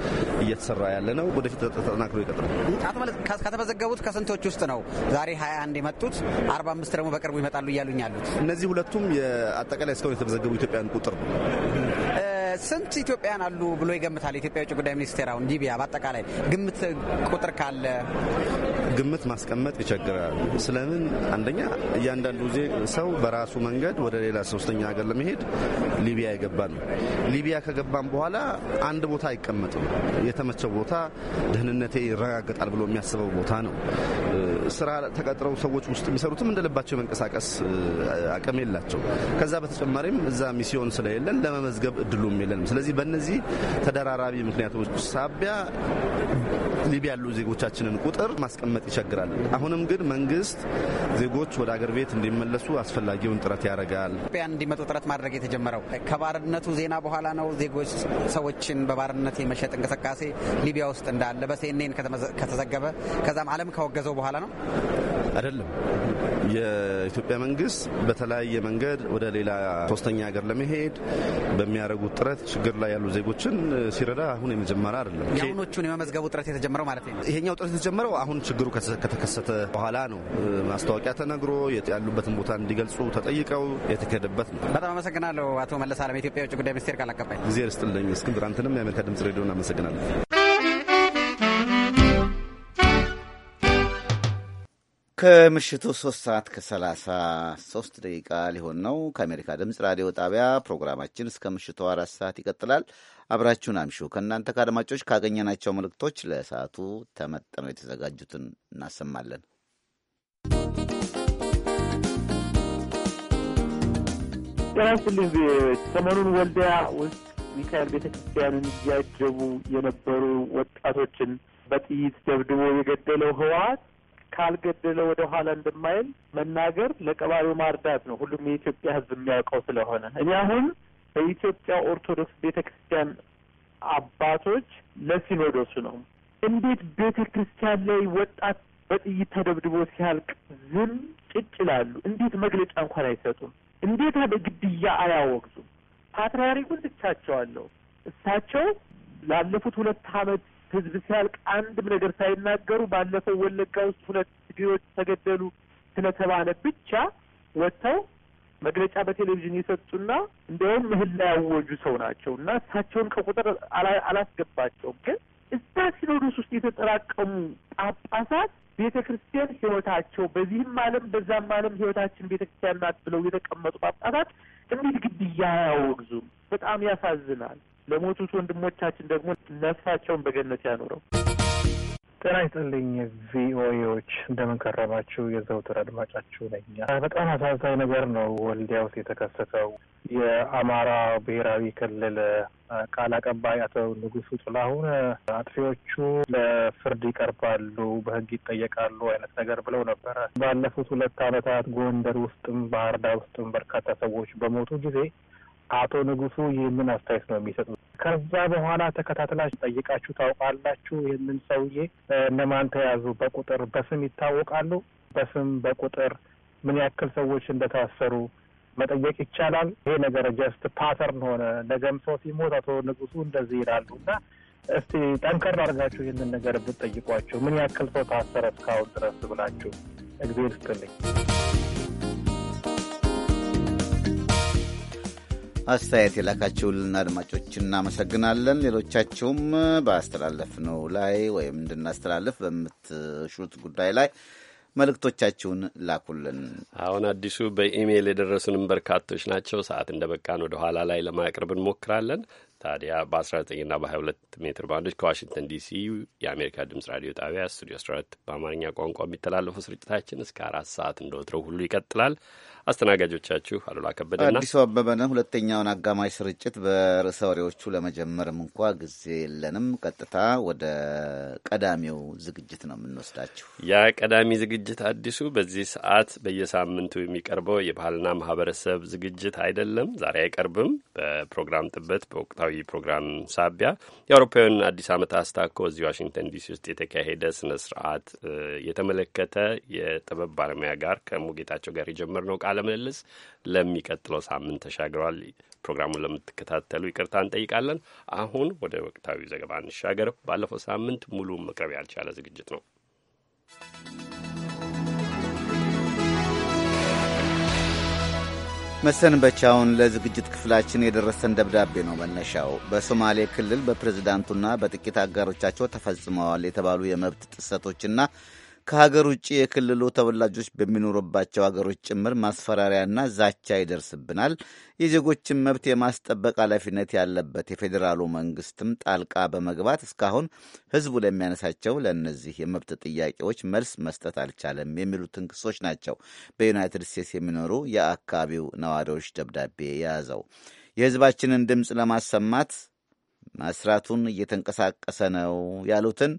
እየተሰራ ያለ ነው። ወደፊት ተጠናክሮ ይቀጥላል። ከተመዘገቡት ከስንቶች ውስጥ ነው ዛሬ 21 የመጡት 45 ደግሞ በቅርቡ ይመጣሉ እያሉኝ ያሉት? እነዚህ ሁለቱም አጠቃላይ እስካሁን የተመዘገቡ ኢትዮጵያውያን ቁጥር ነው። ስንት ኢትዮጵያውያን አሉ ብሎ ይገምታል? የኢትዮጵያ የውጭ ጉዳይ ሚኒስቴር አሁን ሊቢያ በአጠቃላይ ግምት ቁጥር ካለ ግምት ማስቀመጥ ይቸግራል። ስለምን አንደኛ እያንዳንዱ ዜ ሰው በራሱ መንገድ ወደ ሌላ ሶስተኛ ሀገር ለመሄድ ሊቢያ የገባ ነው። ሊቢያ ከገባም በኋላ አንድ ቦታ አይቀመጥም። የተመቸው ቦታ ደህንነቴ ይረጋገጣል ብሎ የሚያስበው ቦታ ነው። ስራ ተቀጥረው ሰዎች ውስጥ የሚሰሩትም እንደልባቸው የመንቀሳቀስ አቅም የላቸው። ከዛ በተጨማሪም እዛ ሚስዮን ስለሌለን ለመመዝገብ እድሉ የለንም። ስለዚህ በእነዚህ ተደራራቢ ምክንያቶች ሳቢያ ሊቢያ ያሉ ዜጎቻችንን ቁጥር ማስቀመጥ ይቸግራል። አሁንም ግን መንግስት ዜጎች ወደ አገር ቤት እንዲመለሱ አስፈላጊውን ጥረት ያደርጋል። ኢትዮጵያን እንዲመጡ ጥረት ማድረግ የተጀመረው ከባርነቱ ዜና በኋላ ነው። ዜጎች ሰዎችን በባርነት የመሸጥ እንቅስቃሴ ሊቢያ ውስጥ እንዳለ በሲኤንኤን ከተዘገበ ከዛም ዓለም ከወገዘው በኋላ ነው። አይደለም። የኢትዮጵያ መንግስት በተለያየ መንገድ ወደ ሌላ ሶስተኛ ሀገር ለመሄድ በሚያደርጉት ጥረት ችግር ላይ ያሉ ዜጎችን ሲረዳ አሁን የመጀመሪያ አይደለም። የአሁኖቹን የመመዝገቡ ጥረት የተጀመረው ማለት ነው። ይሄኛው ጥረት የተጀመረው አሁን ችግሩ ከተከሰተ በኋላ ነው። ማስታወቂያ ተነግሮ ያሉበትን ቦታ እንዲገልጹ ተጠይቀው የተካሄደበት ነው። በጣም አመሰግናለሁ አቶ መለስ አለም፣ የኢትዮጵያ የውጭ ጉዳይ ሚኒስቴር ቃል አቀባይ። ጊዜ ርስጥልኝ። እስክንድር አንተንም የአሜሪካ ድምጽ ከምሽቱ 3 ሰዓት ከ33 ደቂቃ ሊሆን ነው። ከአሜሪካ ድምፅ ራዲዮ ጣቢያ ፕሮግራማችን እስከ ምሽቱ አራት ሰዓት ይቀጥላል። አብራችሁን አምሹ። ከእናንተ ከአድማጮች ካገኘናቸው መልእክቶች ለሰዓቱ ተመጥነው የተዘጋጁትን እናሰማለን። ጤና ይስጥልኝ። ሰሞኑን ወልዲያ ውስጥ ሚካኤል ቤተ ክርስቲያንን እያጀቡ የነበሩ ወጣቶችን በጥይት ደብድቦ የገደለው ህወሓት ካልገደለ ወደ ኋላ እንደማይል መናገር ለቀባሪው ማርዳት ነው። ሁሉም የኢትዮጵያ ሕዝብ የሚያውቀው ስለሆነ እኔ አሁን በኢትዮጵያ ኦርቶዶክስ ቤተ ክርስቲያን አባቶች ለሲኖዶሱ ነው እንዴት ቤተ ክርስቲያን ላይ ወጣት በጥይት ተደብድቦ ሲያልቅ ዝም ጭጭ ይላሉ? እንዴት መግለጫ እንኳን አይሰጡም? እንዴት አደ ግድያ አያወግዙም? ፓትርያርኩን ትቻቸዋለሁ። እሳቸው ላለፉት ሁለት ዓመት ህዝብ ሲያልቅ አንድም ነገር ሳይናገሩ ባለፈው ወለጋ ውስጥ ሁለት ትግሬዎች ተገደሉ ስለተባለ ብቻ ወጥተው መግለጫ በቴሌቪዥን የሰጡና እንዲያውም ምህላ ያወጁ ሰው ናቸው እና እሳቸውን ከቁጥር አላስገባቸውም። ግን እዛ ሲኖዶስ ውስጥ የተጠራቀሙ ጳጳሳት ቤተ ክርስቲያን ህይወታቸው በዚህም ዓለም በዛም ዓለም ህይወታችን ቤተ ክርስቲያን ናት ብለው የተቀመጡ ጳጳሳት እንዴት ግድያ አያወግዙም? በጣም ያሳዝናል። ለሞቱት ወንድሞቻችን ደግሞ ነፍሳቸውን በገነት ያኑረው። ጤና ይስጥልኝ ቪኦኤዎች፣ እንደምንቀረባችሁ የዘውትር አድማጫችሁ ነኝ። በጣም አሳዛኝ ነገር ነው ወልዲያ ውስጥ የተከሰተው። የአማራ ብሔራዊ ክልል ቃል አቀባይ አቶ ንጉሱ ጥላሁን አጥፊዎቹ ለፍርድ ይቀርባሉ፣ በህግ ይጠየቃሉ አይነት ነገር ብለው ነበረ። ባለፉት ሁለት ዓመታት ጎንደር ውስጥም ባህር ዳር ውስጥም በርካታ ሰዎች በሞቱ ጊዜ አቶ ንጉሱ ይህንን አስተያየት ነው የሚሰጡት። ከዛ በኋላ ተከታትላችሁ ጠይቃችሁ ታውቃላችሁ? ይህንን ሰውዬ እነማን ተያዙ? በቁጥር በስም ይታወቃሉ? በስም በቁጥር ምን ያክል ሰዎች እንደታሰሩ መጠየቅ ይቻላል። ይሄ ነገር ጀስት ፓተርን ሆነ። ነገም ሰው ሲሞት አቶ ንጉሱ እንደዚህ ይላሉ እና እስቲ ጠንከር አድርጋችሁ ይህንን ነገር ብትጠይቋቸው ምን ያክል ሰው ታሰረ እስካሁን ድረስ ብላችሁ። እግዜር ይስጥልኝ። አስተያየት የላካችሁልን አድማጮች እናመሰግናለን። ሌሎቻችሁም ነው ላይ ወይም እንድናስተላልፍ በምትሹት ጉዳይ ላይ መልእክቶቻችሁን ላኩልን። አሁን አዲሱ በኢሜይል የደረሱንም በርካቶች ናቸው። ሰዓት እንደ በቃን ወደ ኋላ ላይ ለማቅረብ እንሞክራለን። ታዲያ በ19ና በ22 ሜትር ባንዶች ከዋሽንግተን ዲሲ የአሜሪካ ድምጽ ራዲዮ ጣቢያ ስቱዲዮ 14 በአማርኛ ቋንቋ የሚተላለፈው ስርጭታችን እስከ አራት ሰዓት እንደወትረው ሁሉ ይቀጥላል። አስተናጋጆቻችሁ አሉላ ከበደና አዲሱ አበበነ። ሁለተኛውን አጋማሽ ስርጭት በርዕሰ ወሬዎቹ ለመጀመርም እንኳ ጊዜ የለንም። ቀጥታ ወደ ቀዳሚው ዝግጅት ነው የምንወስዳችሁ። ያ ቀዳሚ ዝግጅት አዲሱ በዚህ ሰዓት በየሳምንቱ የሚቀርበው የባህልና ማህበረሰብ ዝግጅት አይደለም። ዛሬ አይቀርብም። በፕሮግራም ጥበት በወቅታዊ ፕሮግራም ሳቢያ የአውሮፓውያን አዲስ ዓመት አስታኮ እዚህ ዋሽንግተን ዲሲ ውስጥ የተካሄደ ስነ ስርዓት የተመለከተ የጥበብ ባለሙያ ጋር ከሙጌታቸው ጋር የጀመርነው ቃል ቃለምልልስ ለሚቀጥለው ሳምንት ተሻግሯል። ፕሮግራሙን ለምትከታተሉ ይቅርታ እንጠይቃለን። አሁን ወደ ወቅታዊ ዘገባ እንሻገር። ባለፈው ሳምንት ሙሉ መቅረብ ያልቻለ ዝግጅት ነው። መሰንበቻውን ለዝግጅት ክፍላችን የደረሰን ደብዳቤ ነው መነሻው። በሶማሌ ክልል በፕሬዝዳንቱና በጥቂት አጋሮቻቸው ተፈጽመዋል የተባሉ የመብት ጥሰቶችና ከሀገር ውጭ የክልሉ ተወላጆች በሚኖሩባቸው ሀገሮች ጭምር ማስፈራሪያና ዛቻ ይደርስብናል። የዜጎችን መብት የማስጠበቅ ኃላፊነት ያለበት የፌዴራሉ መንግስትም ጣልቃ በመግባት እስካሁን ህዝቡ ለሚያነሳቸው ለእነዚህ የመብት ጥያቄዎች መልስ መስጠት አልቻለም የሚሉትን ክሶች ናቸው በዩናይትድ ስቴትስ የሚኖሩ የአካባቢው ነዋሪዎች ደብዳቤ የያዘው። የህዝባችንን ድምፅ ለማሰማት መስራቱን እየተንቀሳቀሰ ነው ያሉትን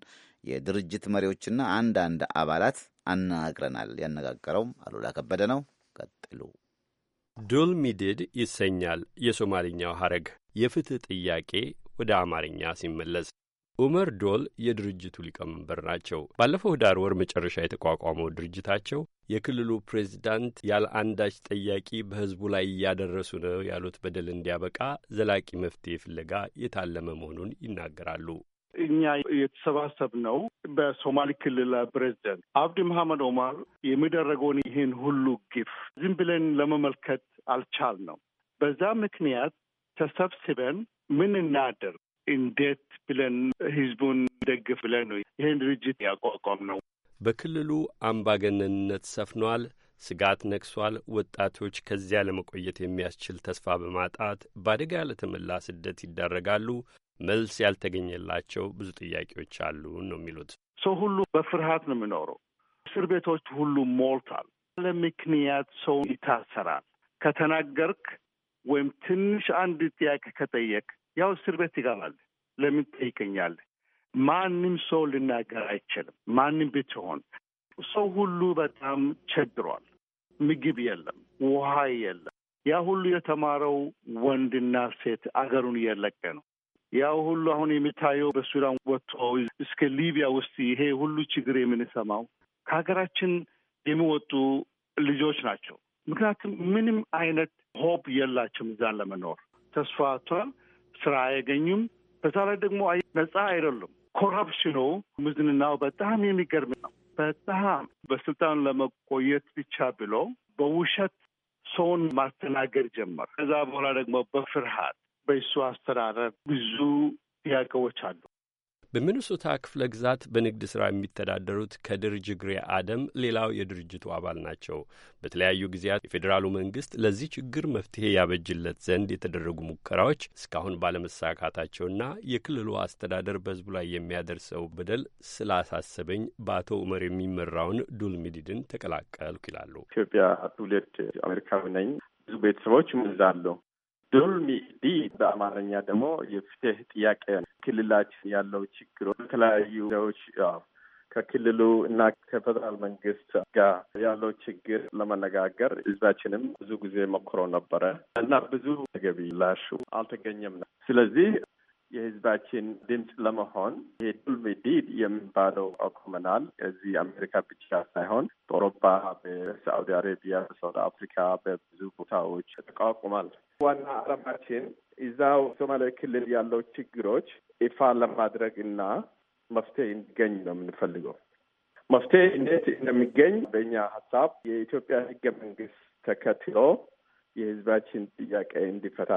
የድርጅት መሪዎችና አንዳንድ አባላት አነጋግረናል። ያነጋገረውም አሉላ ከበደ ነው። ቀጥሉ። ዱል ሚድድ ይሰኛል የሶማልኛው ሐረግ የፍትህ ጥያቄ ወደ አማርኛ ሲመለስ ኡመር ዶል የድርጅቱ ሊቀመንበር ናቸው። ባለፈው ህዳር ወር መጨረሻ የተቋቋመው ድርጅታቸው የክልሉ ፕሬዚዳንት ያለ አንዳች ጠያቂ በህዝቡ ላይ እያደረሱ ነው ያሉት በደል እንዲያበቃ ዘላቂ መፍትሄ ፍለጋ የታለመ መሆኑን ይናገራሉ። እኛ የተሰባሰብነው በሶማሊ ክልል ፕሬዚደንት አብዲ መሐመድ ኦማር የሚደረገውን ይህን ሁሉ ግፍ ዝም ብለን ለመመልከት አልቻልነው። በዛ ምክንያት ተሰብስበን ምን እናደርግ፣ እንዴት ብለን ህዝቡን ደግፍ ብለን ነው ይህን ድርጅት ያቋቋም ነው። በክልሉ አምባገነንነት ሰፍኗል። ስጋት ነግሷል። ወጣቶች ከዚያ ለመቆየት የሚያስችል ተስፋ በማጣት በአደጋ ለተሞላ ስደት ይዳረጋሉ። መልስ ያልተገኘላቸው ብዙ ጥያቄዎች አሉ ነው የሚሉት። ሰው ሁሉ በፍርሃት ነው የሚኖረው። እስር ቤቶች ሁሉ ሞልቷል። ለምክንያት ሰው ይታሰራል። ከተናገርክ ወይም ትንሽ አንድ ጥያቄ ከጠየቅ ያው እስር ቤት ይገባል። ለምን ትጠይቀኛለህ? ማንም ሰው ልናገር አይችልም። ማንም ብትሆን ሰው ሁሉ በጣም ቸግሯል። ምግብ የለም፣ ውሃ የለም። ያ ሁሉ የተማረው ወንድና ሴት አገሩን እየለቀ ነው። ያው ሁሉ አሁን የሚታየው በሱዳን ወጥቶ እስከ ሊቢያ ውስጥ ይሄ ሁሉ ችግር የምንሰማው ከሀገራችን የሚወጡ ልጆች ናቸው። ምክንያቱም ምንም አይነት ሆፕ የላቸውም እዛ ለመኖር ተስፋ ቷል ስራ አያገኙም። በዛ ላይ ደግሞ ነጻ አይደሉም። ኮራፕሽኑ ምዝንናው በጣም የሚገርም ነው። በጣም በስልጣን ለመቆየት ብቻ ብሎ በውሸት ሰውን ማስተናገድ ጀመር። ከዛ በኋላ ደግሞ በፍርሃት በእሱ አስተዳደር ብዙ ጥያቄዎች አሉ። በሚኒሶታ ክፍለ ግዛት በንግድ ሥራ የሚተዳደሩት ከድር ጅግሪ አደም ሌላው የድርጅቱ አባል ናቸው። በተለያዩ ጊዜያት የፌዴራሉ መንግስት ለዚህ ችግር መፍትሄ ያበጅለት ዘንድ የተደረጉ ሙከራዎች እስካሁን ባለመሳካታቸውና የክልሉ አስተዳደር በሕዝቡ ላይ የሚያደርሰው በደል ስላሳሰበኝ በአቶ ዑመር የሚመራውን ዱል ሚዲድን ተቀላቀልኩ ይላሉ። ኢትዮጵያ ትውልድ አሜሪካዊ ነኝ። ብዙ ቤተሰቦች ምዛለሁ ዶልሚ ዲ በአማርኛ ደግሞ የፍትህ ጥያቄ ክልላችን ያለው ችግሮ በተለያዩ ዎች ከክልሉ እና ከፌደራል መንግስት ጋር ያለው ችግር ለመነጋገር ህዝባችንም ብዙ ጊዜ ሞክሮ ነበረ እና ብዙ ተገቢ ላሹ አልተገኘም ነው። ስለዚህ የህዝባችን ድምፅ ለመሆን ይሄ ዲድ የሚባለው አቁመናል። እዚህ አሜሪካ ብቻ ሳይሆን በአውሮፓ፣ በሳዑዲ አረቢያ፣ በሳውት አፍሪካ በብዙ ቦታዎች ተቋቁሟል። ዋና አላማችን እዛው ሶማሌ ክልል ያለው ችግሮች ይፋ ለማድረግ እና መፍትሄ እንዲገኝ ነው የምንፈልገው። መፍትሄ እንዴት እንደሚገኝ በእኛ ሀሳብ የኢትዮጵያ ህገ መንግስት ተከትሎ የህዝባችን ጥያቄ እንዲፈታ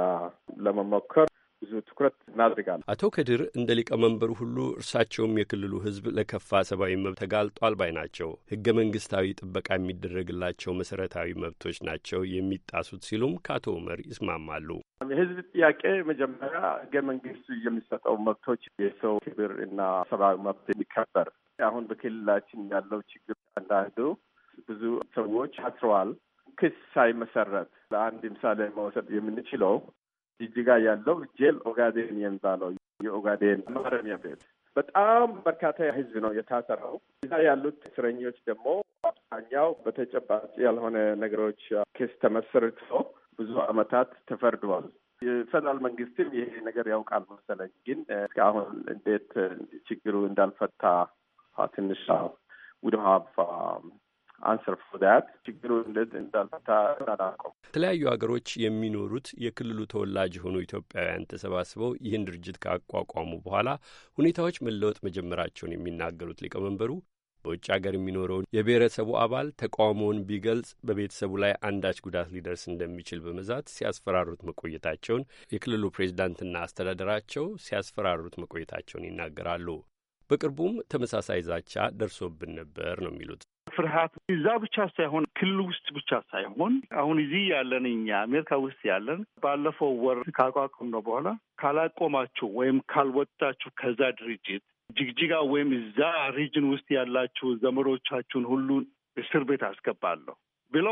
ለመሞከር ብዙ ትኩረት እናድርጋለን። አቶ ከድር እንደ ሊቀመንበሩ ሁሉ እርሳቸውም የክልሉ ሕዝብ ለከፋ ሰብአዊ መብት ተጋልጧል ባይ ናቸው። ህገ መንግስታዊ ጥበቃ የሚደረግላቸው መሰረታዊ መብቶች ናቸው የሚጣሱት ሲሉም ከአቶ ኡመር ይስማማሉ። የህዝብ ጥያቄ መጀመሪያ ህገ መንግስቱ የሚሰጠው መብቶች የሰው ክብር እና ሰብአዊ መብት የሚከበር አሁን በክልላችን ያለው ችግር አንዳንዱ ብዙ ሰዎች አስረዋል። ክስ ሳይመሰረት ለአንድ ምሳሌ መውሰድ የምንችለው ጅጅጋ ያለው ጄል ኦጋዴን የሚባለው የኦጋዴን ማረሚያ ቤት በጣም በርካታ ህዝብ ነው የታሰረው። እዛ ያሉት እስረኞች ደግሞ አብዛኛው በተጨባጭ ያልሆነ ነገሮች ክስ ተመስርቶ ብዙ አመታት ተፈርደዋል። የፌደራል መንግስትም ይሄ ነገር ያውቃል መሰለኝ፣ ግን እስካሁን እንዴት ችግሩ እንዳልፈታ ትንሽ ውድሀ አንሰር ፎ ዳት ችግሩ እንዳልፈታ አላውቀውም። የተለያዩ ሀገሮች የሚኖሩት የክልሉ ተወላጅ የሆኑ ኢትዮጵያውያን ተሰባስበው ይህን ድርጅት ካቋቋሙ በኋላ ሁኔታዎች መለወጥ መጀመራቸውን የሚናገሩት ሊቀመንበሩ በውጭ ሀገር የሚኖረውን የብሔረሰቡ አባል ተቃውሞውን ቢገልጽ በቤተሰቡ ላይ አንዳች ጉዳት ሊደርስ እንደሚችል በመዛት ሲያስፈራሩት መቆየታቸውን የክልሉ ፕሬዚዳንትና አስተዳደራቸው ሲያስፈራሩት መቆየታቸውን ይናገራሉ። በቅርቡም ተመሳሳይ ዛቻ ደርሶብን ነበር ነው የሚሉት ፍርሃት እዛ ብቻ ሳይሆን ክልል ውስጥ ብቻ ሳይሆን አሁን እዚህ ያለን እኛ አሜሪካ ውስጥ ያለን ባለፈው ወር ካቋቋም ነው በኋላ ካላቆማችሁ ወይም ካልወጣችሁ ከዛ ድርጅት ጅግጅጋ ወይም እዛ ሪጅን ውስጥ ያላችሁ ዘመዶቻችሁን ሁሉ እስር ቤት አስገባለሁ ብሎ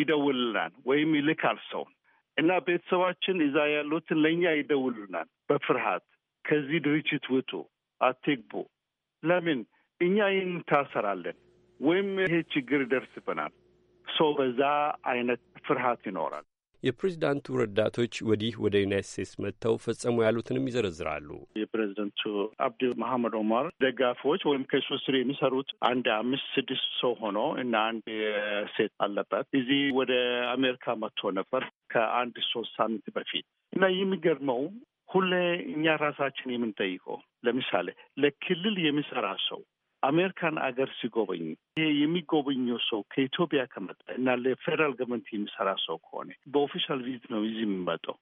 ይደውልናል ወይም ይልካል ሰው እና ቤተሰባችን እዛ ያሉትን ለእኛ ይደውልናል በፍርሃት ከዚህ ድርጅት ውጡ፣ አትግቡ። ለምን እኛ ይህን ታሰራለን? ወይም ይሄ ችግር ይደርስብናል ሰው በዛ አይነት ፍርሃት ይኖራል። የፕሬዚዳንቱ ረዳቶች ወዲህ ወደ ዩናይት ስቴትስ መጥተው ፈጸሙ ያሉትንም ይዘረዝራሉ። የፕሬዚደንቱ አብዲ መሐመድ ኦማር ደጋፊዎች ወይም ከሱ ስር የሚሰሩት አንድ አምስት ስድስት ሰው ሆኖ እና አንድ ሴት አለበት እዚህ ወደ አሜሪካ መጥቶ ነበር ከአንድ ሶስት ሳምንት በፊት እና የሚገርመው ሁሌ እኛ ራሳችን የምንጠይቀው ለምሳሌ ለክልል የሚሰራ ሰው አሜሪካን አገር ሲጎበኝ ይሄ የሚጎበኘው ሰው ከኢትዮጵያ ከመጣ እና ለፌደራል ገቨርንመንት የሚሰራ ሰው ከሆነ በኦፊሻል ቪዚት ነው ይዚህ የሚመጣው።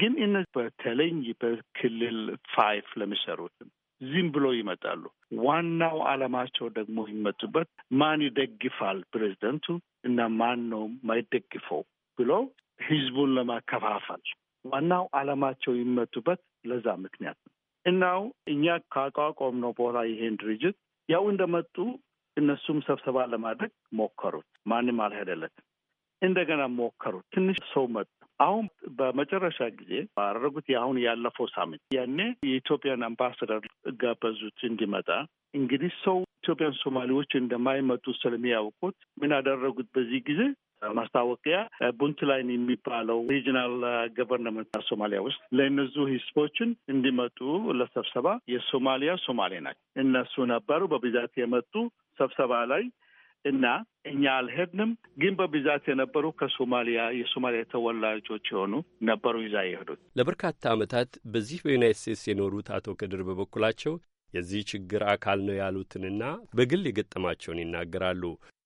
ግን እነዚህ በተለይ በክልል ፋይፍ ለሚሰሩትም ዝም ብሎ ይመጣሉ። ዋናው አለማቸው ደግሞ ይመጡበት ማን ይደግፋል ፕሬዚደንቱ እና ማን ነው ማይደግፈው ብሎ ህዝቡን ለማከፋፈል ዋናው አለማቸው ይመጡበት ለዛ ምክንያት ነው። እናው እኛ ካቋቋም ነው በኋላ ይሄን ድርጅት ያው እንደመጡ እነሱም ሰብሰባ ለማድረግ ሞከሩት። ማንም አልሄደለትም። እንደገና ሞከሩት። ትንሽ ሰው መጡ። አሁን በመጨረሻ ጊዜ ባደረጉት የአሁን ያለፈው ሳምንት ያኔ የኢትዮጵያን አምባሳደር ጋበዙት እንዲመጣ። እንግዲህ ሰው ኢትዮጵያን ሶማሌዎች እንደማይመጡ ስለሚያውቁት ምን አደረጉት በዚህ ጊዜ ማስታወቂያ ቡንት ላይን የሚባለው ሪጂናል ገቨርንመንት ሶማሊያ ውስጥ ለእነዙ ህዝቦችን እንዲመጡ ለሰብሰባ የሶማሊያ ሶማሌ ናቸው እነሱ ነበሩ በብዛት የመጡ ስብሰባ ላይ እና እኛ አልሄድንም፣ ግን በብዛት የነበሩ ከሶማሊያ የሶማሊያ ተወላጆች የሆኑ ነበሩ ይዛ የሄዱት። ለበርካታ ዓመታት በዚህ በዩናይት ስቴትስ የኖሩት አቶ ክድር በበኩላቸው የዚህ ችግር አካል ነው ያሉትንና በግል የገጠማቸውን ይናገራሉ።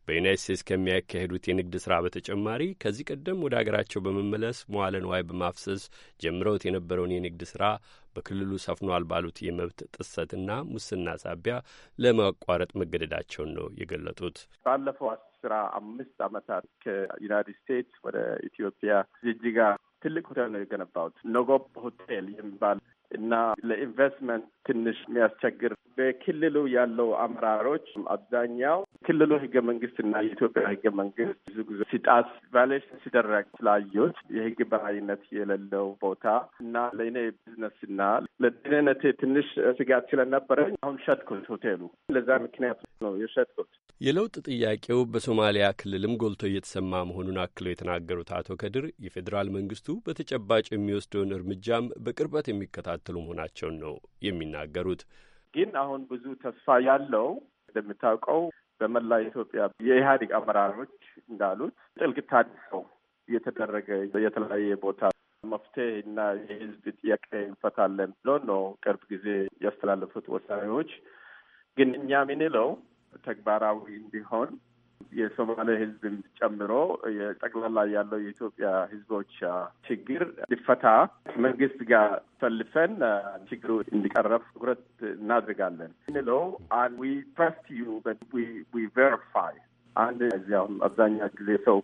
በዩናይት ስቴትስ ከሚያካሄዱት የንግድ ሥራ በተጨማሪ ከዚህ ቀደም ወደ አገራቸው በመመለስ መዋለ ንዋይ በማፍሰስ ጀምረውት የነበረውን የንግድ ሥራ በክልሉ ሰፍኗል ባሉት የመብት ጥሰትና ሙስና ሳቢያ ለማቋረጥ መገደዳቸውን ነው የገለጡት። ባለፈው አስራ አምስት ዓመታት ከዩናይትድ ስቴትስ ወደ ኢትዮጵያ ጅጅጋ ትልቅ ሆቴል ነው የገነባሁት። ኖጎብ ሆቴል የሚባል እና ለኢንቨስትመንት ትንሽ የሚያስቸግር በክልሉ ያለው አመራሮች አብዛኛው ክልሉ ህገ መንግስት እና የኢትዮጵያ ህገ መንግስት ብዙ ጊዜ ሲጣስ ቫሌሽን ሲደረግ ስላዩት የህግ በላይነት የሌለው ቦታ እና ለእኔ ቢዝነስ እና ለደህንነቴ ትንሽ ስጋት ስለነበረኝ አሁን ሸጥኩት ሆቴሉ። ለዛ ምክንያት ነው የሸጥኩት። የለውጥ ጥያቄው በሶማሊያ ክልልም ጎልቶ እየተሰማ መሆኑን አክለው የተናገሩት አቶ ከድር የፌዴራል መንግስቱ በተጨባጭ የሚወስደውን እርምጃም በቅርበት የሚከታተሉ መሆናቸውን ነው የሚናገሩት። ግን አሁን ብዙ ተስፋ ያለው እንደምታውቀው በመላ ኢትዮጵያ የኢህአዴግ አመራሮች እንዳሉት ጥልቅ ታድሶ እየተደረገ የተለያየ ቦታ መፍትሄ እና የህዝብ ጥያቄ እንፈታለን ብሎ ነው ቅርብ ጊዜ ያስተላለፉት ውሳኔዎች። ግን እኛ የምንለው ተግባራዊ እንዲሆን የሶማሌ ህዝብን ጨምሮ የጠቅላላ ያለው የኢትዮጵያ ህዝቦች ችግር ሊፈታ መንግስት ጋር ሰልፈን ችግሩ እንዲቀረፍ ትኩረት እናድርጋለን እንለው ትረስት ዩ ቬሪፋይ አንድ እዚያም አብዛኛው ጊዜ ሰው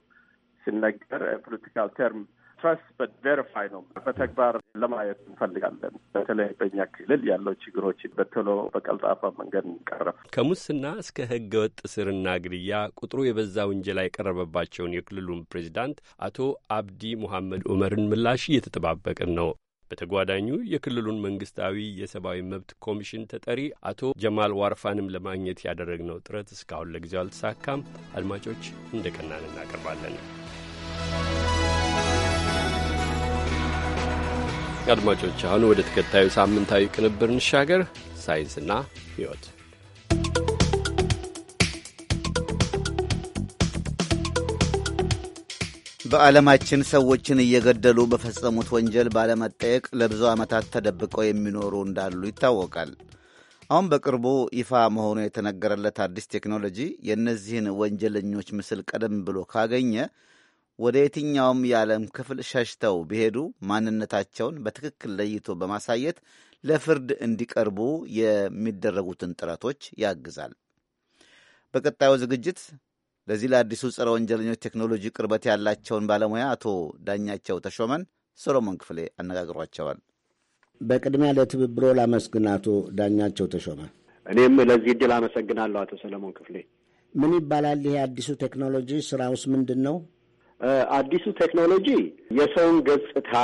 ሲነገር ፖለቲካል ተርም ትረስ በት ቬሪፋይ ነው በተግባር ለማየት እንፈልጋለን። በተለይ በእኛ ክልል ያለው ችግሮች በቶሎ በቀልጣፋ መንገድ እንቀረፍ። ከሙስና እስከ ህገ ወጥ እስርና ግድያ ቁጥሩ የበዛ ውንጀላ የቀረበባቸውን የክልሉን ፕሬዚዳንት አቶ አብዲ ሙሐመድ ኡመርን ምላሽ እየተጠባበቅን ነው። በተጓዳኙ የክልሉን መንግስታዊ የሰብአዊ መብት ኮሚሽን ተጠሪ አቶ ጀማል ዋርፋንም ለማግኘት ያደረግነው ጥረት እስካሁን ለጊዜው አልተሳካም። አድማጮች እንደቀናን እናቀርባለን። አድማጮች አሁን ወደ ተከታዩ ሳምንታዊ ቅንብር እንሻገር። ሳይንስና ሕይወት በዓለማችን ሰዎችን እየገደሉ በፈጸሙት ወንጀል ባለመጠየቅ ለብዙ ዓመታት ተደብቀው የሚኖሩ እንዳሉ ይታወቃል። አሁን በቅርቡ ይፋ መሆኑ የተነገረለት አዲስ ቴክኖሎጂ የእነዚህን ወንጀለኞች ምስል ቀደም ብሎ ካገኘ ወደ የትኛውም የዓለም ክፍል ሸሽተው ቢሄዱ ማንነታቸውን በትክክል ለይቶ በማሳየት ለፍርድ እንዲቀርቡ የሚደረጉትን ጥረቶች ያግዛል። በቀጣዩ ዝግጅት ለዚህ ለአዲሱ ጸረ ወንጀለኞች ቴክኖሎጂ ቅርበት ያላቸውን ባለሙያ አቶ ዳኛቸው ተሾመን ሰሎሞን ክፍሌ አነጋግሯቸዋል። በቅድሚያ ለትብብሮ ላመስግን አቶ ዳኛቸው ተሾመ። እኔም ለዚህ እድል አመሰግናለሁ አቶ ሰለሞን ክፍሌ። ምን ይባላል ይሄ አዲሱ ቴክኖሎጂ? ስራውስ ምንድን ነው? አዲሱ ቴክኖሎጂ የሰውን ገጽታ፣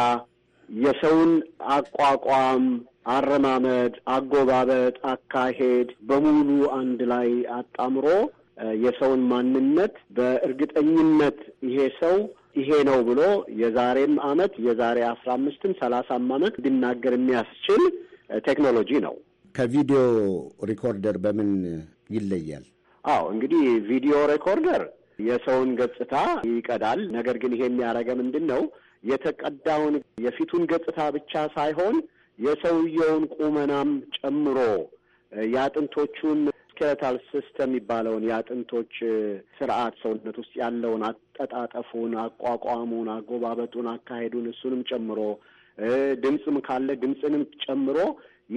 የሰውን አቋቋም፣ አረማመድ፣ አጎባበጥ፣ አካሄድ በሙሉ አንድ ላይ አጣምሮ የሰውን ማንነት በእርግጠኝነት ይሄ ሰው ይሄ ነው ብሎ የዛሬም አመት የዛሬ አስራ አምስትም ሰላሳም አመት እንዲናገር የሚያስችል ቴክኖሎጂ ነው። ከቪዲዮ ሪኮርደር በምን ይለያል? አዎ እንግዲህ ቪዲዮ ሪኮርደር የሰውን ገጽታ ይቀዳል። ነገር ግን ይሄ የሚያደርገ ምንድን ነው? የተቀዳውን የፊቱን ገጽታ ብቻ ሳይሆን የሰውየውን ቁመናም ጨምሮ የአጥንቶቹን ስኬለታል ሲስተም የሚባለውን የአጥንቶች ስርዓት ሰውነት ውስጥ ያለውን አጠጣጠፉን፣ አቋቋሙን፣ አጎባበጡን፣ አካሄዱን እሱንም ጨምሮ ድምፅም ካለ ድምፅንም ጨምሮ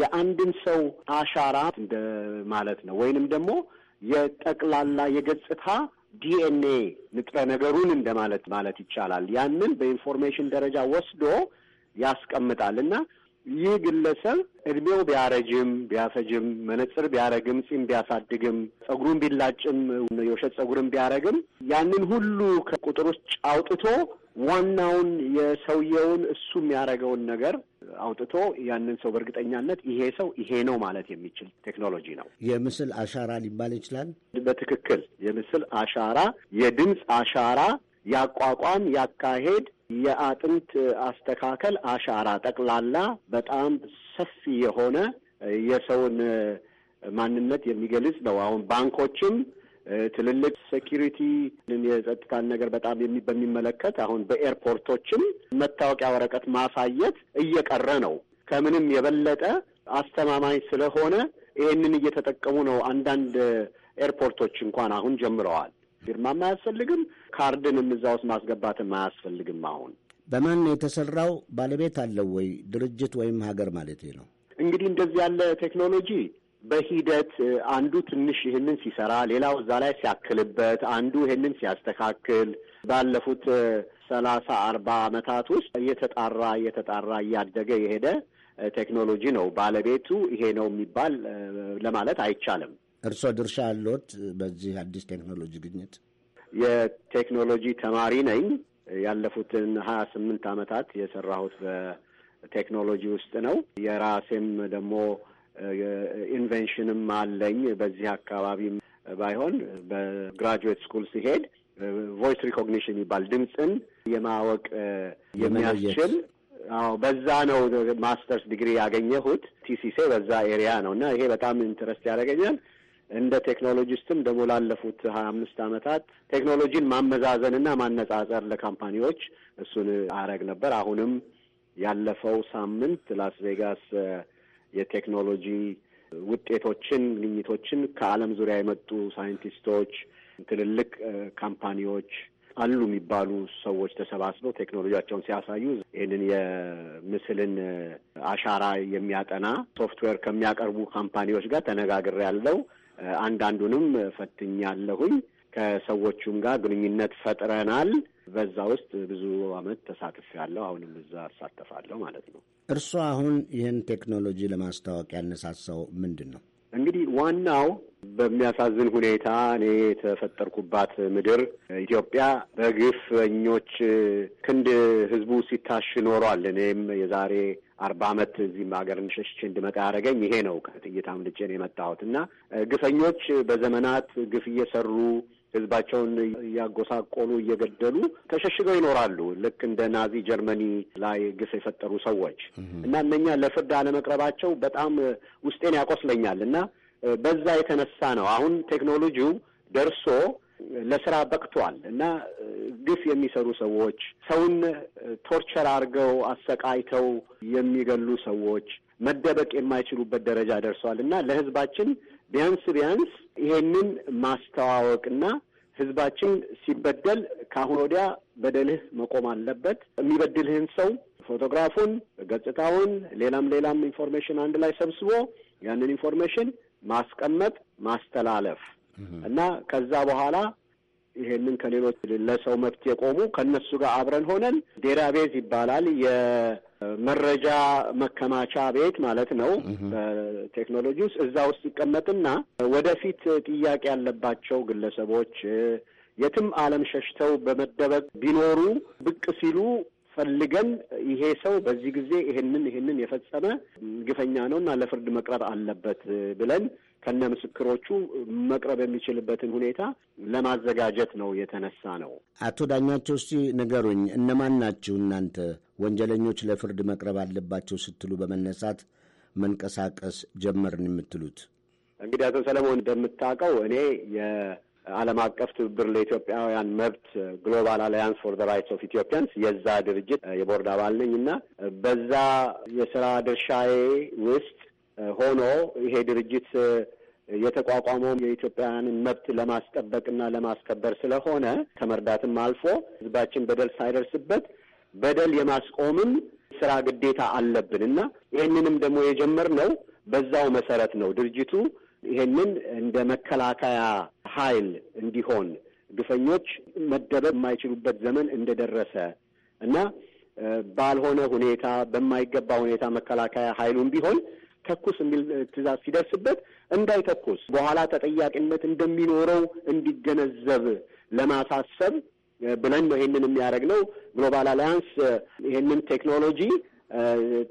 የአንድን ሰው አሻራ እንደ ማለት ነው። ወይንም ደግሞ የጠቅላላ የገጽታ ዲኤንኤ ንጥረ ነገሩን እንደማለት ማለት ይቻላል። ያንን በኢንፎርሜሽን ደረጃ ወስዶ ያስቀምጣል እና ይህ ግለሰብ እድሜው ቢያረጅም ቢያፈጅም መነጽር ቢያረግም ጺም ቢያሳድግም ጸጉሩን ቢላጭም የውሸት ጸጉርን ቢያረግም ያንን ሁሉ ከቁጥር ውስጥ አውጥቶ ዋናውን የሰውየውን እሱ የሚያደርገውን ነገር አውጥቶ ያንን ሰው በእርግጠኛነት ይሄ ሰው ይሄ ነው ማለት የሚችል ቴክኖሎጂ ነው። የምስል አሻራ ሊባል ይችላል። በትክክል የምስል አሻራ፣ የድምፅ አሻራ፣ ያቋቋም፣ ያካሄድ የአጥንት አስተካከል አሻራ ጠቅላላ በጣም ሰፊ የሆነ የሰውን ማንነት የሚገልጽ ነው። አሁን ባንኮችም ትልልቅ ሴኪሪቲ የጸጥታን ነገር በጣም በሚመለከት አሁን በኤርፖርቶችም መታወቂያ ወረቀት ማሳየት እየቀረ ነው። ከምንም የበለጠ አስተማማኝ ስለሆነ ይህንን እየተጠቀሙ ነው። አንዳንድ ኤርፖርቶች እንኳን አሁን ጀምረዋል። ግርማም አያስፈልግም፣ ካርድንም እዛ ውስጥ ማስገባትም አያስፈልግም። አሁን በማን ነው የተሰራው? ባለቤት አለው ወይ ድርጅት ወይም ሀገር ማለት ነው። እንግዲህ እንደዚህ ያለ ቴክኖሎጂ በሂደት አንዱ ትንሽ ይህንን ሲሰራ፣ ሌላው እዛ ላይ ሲያክልበት፣ አንዱ ይህንን ሲያስተካክል ባለፉት ሰላሳ አርባ ዓመታት ውስጥ እየተጣራ እየተጣራ እያደገ የሄደ ቴክኖሎጂ ነው። ባለቤቱ ይሄ ነው የሚባል ለማለት አይቻልም። እርስዎ ድርሻ አለዎት በዚህ አዲስ ቴክኖሎጂ ግኝት? የቴክኖሎጂ ተማሪ ነኝ። ያለፉትን ሀያ ስምንት አመታት የሰራሁት በቴክኖሎጂ ውስጥ ነው። የራሴም ደግሞ ኢንቨንሽንም አለኝ። በዚህ አካባቢም ባይሆን በግራጁዌት ስኩል ሲሄድ ቮይስ ሪኮግኒሽን ይባል ድምፅን የማወቅ የሚያስችል አዎ፣ በዛ ነው ማስተርስ ዲግሪ ያገኘሁት። ቲሲሴ በዛ ኤሪያ ነው እና ይሄ በጣም ኢንትረስት ያደረገኛል። እንደ ቴክኖሎጂስትም ደግሞ ላለፉት ሀያ አምስት አመታት ቴክኖሎጂን ማመዛዘንና ማነጻጸር ለካምፓኒዎች እሱን አረግ ነበር። አሁንም ያለፈው ሳምንት ላስ ቬጋስ የቴክኖሎጂ ውጤቶችን፣ ግኝቶችን ከዓለም ዙሪያ የመጡ ሳይንቲስቶች፣ ትልልቅ ካምፓኒዎች አሉ የሚባሉ ሰዎች ተሰባስበው ቴክኖሎጂያቸውን ሲያሳዩ ይህንን የምስልን አሻራ የሚያጠና ሶፍትዌር ከሚያቀርቡ ካምፓኒዎች ጋር ተነጋግሬ ያለው አንዳንዱንም ፈትኛለሁኝ። ከሰዎቹም ጋር ግንኙነት ፈጥረናል። በዛ ውስጥ ብዙ አመት ተሳትፌያለሁ። አሁንም እዛ እሳተፋለሁ ማለት ነው። እርሱ አሁን ይህን ቴክኖሎጂ ለማስታወቅ ያነሳሳው ምንድን ነው? እንግዲህ ዋናው በሚያሳዝን ሁኔታ እኔ የተፈጠርኩባት ምድር ኢትዮጵያ በግፈኞች ክንድ ህዝቡ ሲታሽ ኖሯል። እኔም የዛሬ አርባ አመት እዚህም ሀገር ሸሽቼ እንድመጣ ያደረገኝ ይሄ ነው። ከጥይት አምልጬ ነው የመጣሁት እና ግፈኞች በዘመናት ግፍ እየሰሩ ህዝባቸውን እያጎሳቆሉ እየገደሉ ተሸሽገው ይኖራሉ። ልክ እንደ ናዚ ጀርመኒ ላይ ግፍ የፈጠሩ ሰዎች እና እነኛ ለፍርድ አለመቅረባቸው በጣም ውስጤን ያቆስለኛል እና በዛ የተነሳ ነው አሁን ቴክኖሎጂው ደርሶ ለስራ በቅቷል እና ግፍ የሚሰሩ ሰዎች፣ ሰውን ቶርቸር አድርገው አሰቃይተው የሚገሉ ሰዎች መደበቅ የማይችሉበት ደረጃ ደርሰዋል እና ለህዝባችን ቢያንስ ቢያንስ ይሄንን ማስተዋወቅና ህዝባችን ሲበደል ከአሁን ወዲያ በደልህ መቆም አለበት፣ የሚበድልህን ሰው ፎቶግራፉን፣ ገጽታውን፣ ሌላም ሌላም ኢንፎርሜሽን አንድ ላይ ሰብስቦ ያንን ኢንፎርሜሽን ማስቀመጥ፣ ማስተላለፍ እና ከዛ በኋላ ይሄንን ከሌሎች ለሰው መብት የቆሙ ከእነሱ ጋር አብረን ሆነን ዴራቤዝ ይባላል መረጃ መከማቻ ቤት ማለት ነው በቴክኖሎጂ ውስጥ እዛ ውስጥ ይቀመጥና ወደፊት ጥያቄ ያለባቸው ግለሰቦች የትም ዓለም ሸሽተው በመደበቅ ቢኖሩ ብቅ ሲሉ ፈልገን ይሄ ሰው በዚህ ጊዜ ይሄንን ይሄንን የፈጸመ ግፈኛ ነው እና ለፍርድ መቅረብ አለበት ብለን ከነ ምስክሮቹ መቅረብ የሚችልበትን ሁኔታ ለማዘጋጀት ነው የተነሳ ነው። አቶ ዳኛቸው እስቲ ንገሩኝ፣ እነማን ናችሁ እናንተ ወንጀለኞች ለፍርድ መቅረብ አለባቸው ስትሉ በመነሳት መንቀሳቀስ ጀመርን የምትሉት? እንግዲህ አቶ ሰለሞን እንደምታውቀው እኔ የዓለም አቀፍ ትብብር ለኢትዮጵያውያን መብት ግሎባል አላያንስ ፎር ዘ ራይትስ ኦፍ ኢትዮጵያንስ የዛ ድርጅት የቦርድ አባል ነኝ እና በዛ የስራ ድርሻዬ ውስጥ ሆኖ ይሄ ድርጅት የተቋቋመውም የኢትዮጵያውያንን መብት ለማስጠበቅና ለማስከበር ስለሆነ ከመርዳትም አልፎ ህዝባችን በደል ሳይደርስበት በደል የማስቆምም ስራ ግዴታ አለብን እና ይህንንም ደግሞ የጀመርነው በዛው መሰረት ነው። ድርጅቱ ይሄንን እንደ መከላከያ ኃይል እንዲሆን ግፈኞች መደበብ የማይችሉበት ዘመን እንደደረሰ እና ባልሆነ ሁኔታ በማይገባ ሁኔታ መከላከያ ኃይሉን ቢሆን ተኩስ የሚል ትዕዛዝ ሲደርስበት እንዳይተኩስ በኋላ ተጠያቂነት እንደሚኖረው እንዲገነዘብ ለማሳሰብ ብለን ነው ይሄንን የሚያደርግ ነው። ግሎባል አሊያንስ ይሄንን ቴክኖሎጂ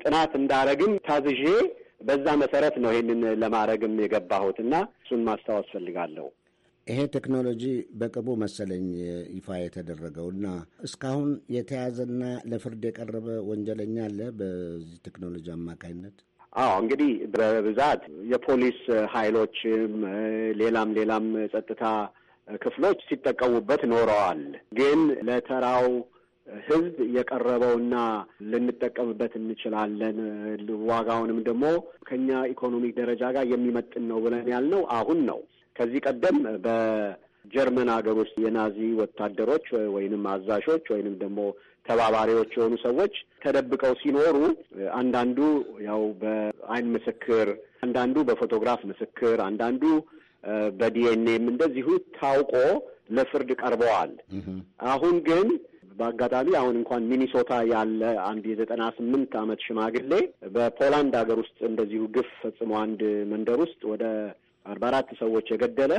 ጥናት እንዳረግም ታዝዤ በዛ መሰረት ነው ይሄንን ለማድረግም የገባሁት እና እሱን ማስታወስ ፈልጋለሁ። ይሄ ቴክኖሎጂ በቅርቡ መሰለኝ ይፋ የተደረገው እና እስካሁን የተያዘና ለፍርድ የቀረበ ወንጀለኛ አለ በዚህ ቴክኖሎጂ አማካኝነት አዎ እንግዲህ በብዛት የፖሊስ ኃይሎችም ሌላም ሌላም ጸጥታ ክፍሎች ሲጠቀሙበት ኖረዋል። ግን ለተራው ህዝብ የቀረበውና ልንጠቀምበት እንችላለን ዋጋውንም ደግሞ ከኛ ኢኮኖሚ ደረጃ ጋር የሚመጥን ነው ብለን ያልነው አሁን ነው። ከዚህ ቀደም በጀርመን ሀገር ውስጥ የናዚ ወታደሮች ወይንም አዛዦች ወይንም ደግሞ ተባባሪዎች የሆኑ ሰዎች ተደብቀው ሲኖሩ አንዳንዱ ያው በአይን ምስክር፣ አንዳንዱ በፎቶግራፍ ምስክር፣ አንዳንዱ በዲኤንኤም እንደዚሁ ታውቆ ለፍርድ ቀርበዋል። አሁን ግን በአጋጣሚ አሁን እንኳን ሚኒሶታ ያለ አንድ የዘጠና ስምንት ዓመት ሽማግሌ በፖላንድ ሀገር ውስጥ እንደዚሁ ግፍ ፈጽሞ አንድ መንደር ውስጥ ወደ አርባ አራት ሰዎች የገደለ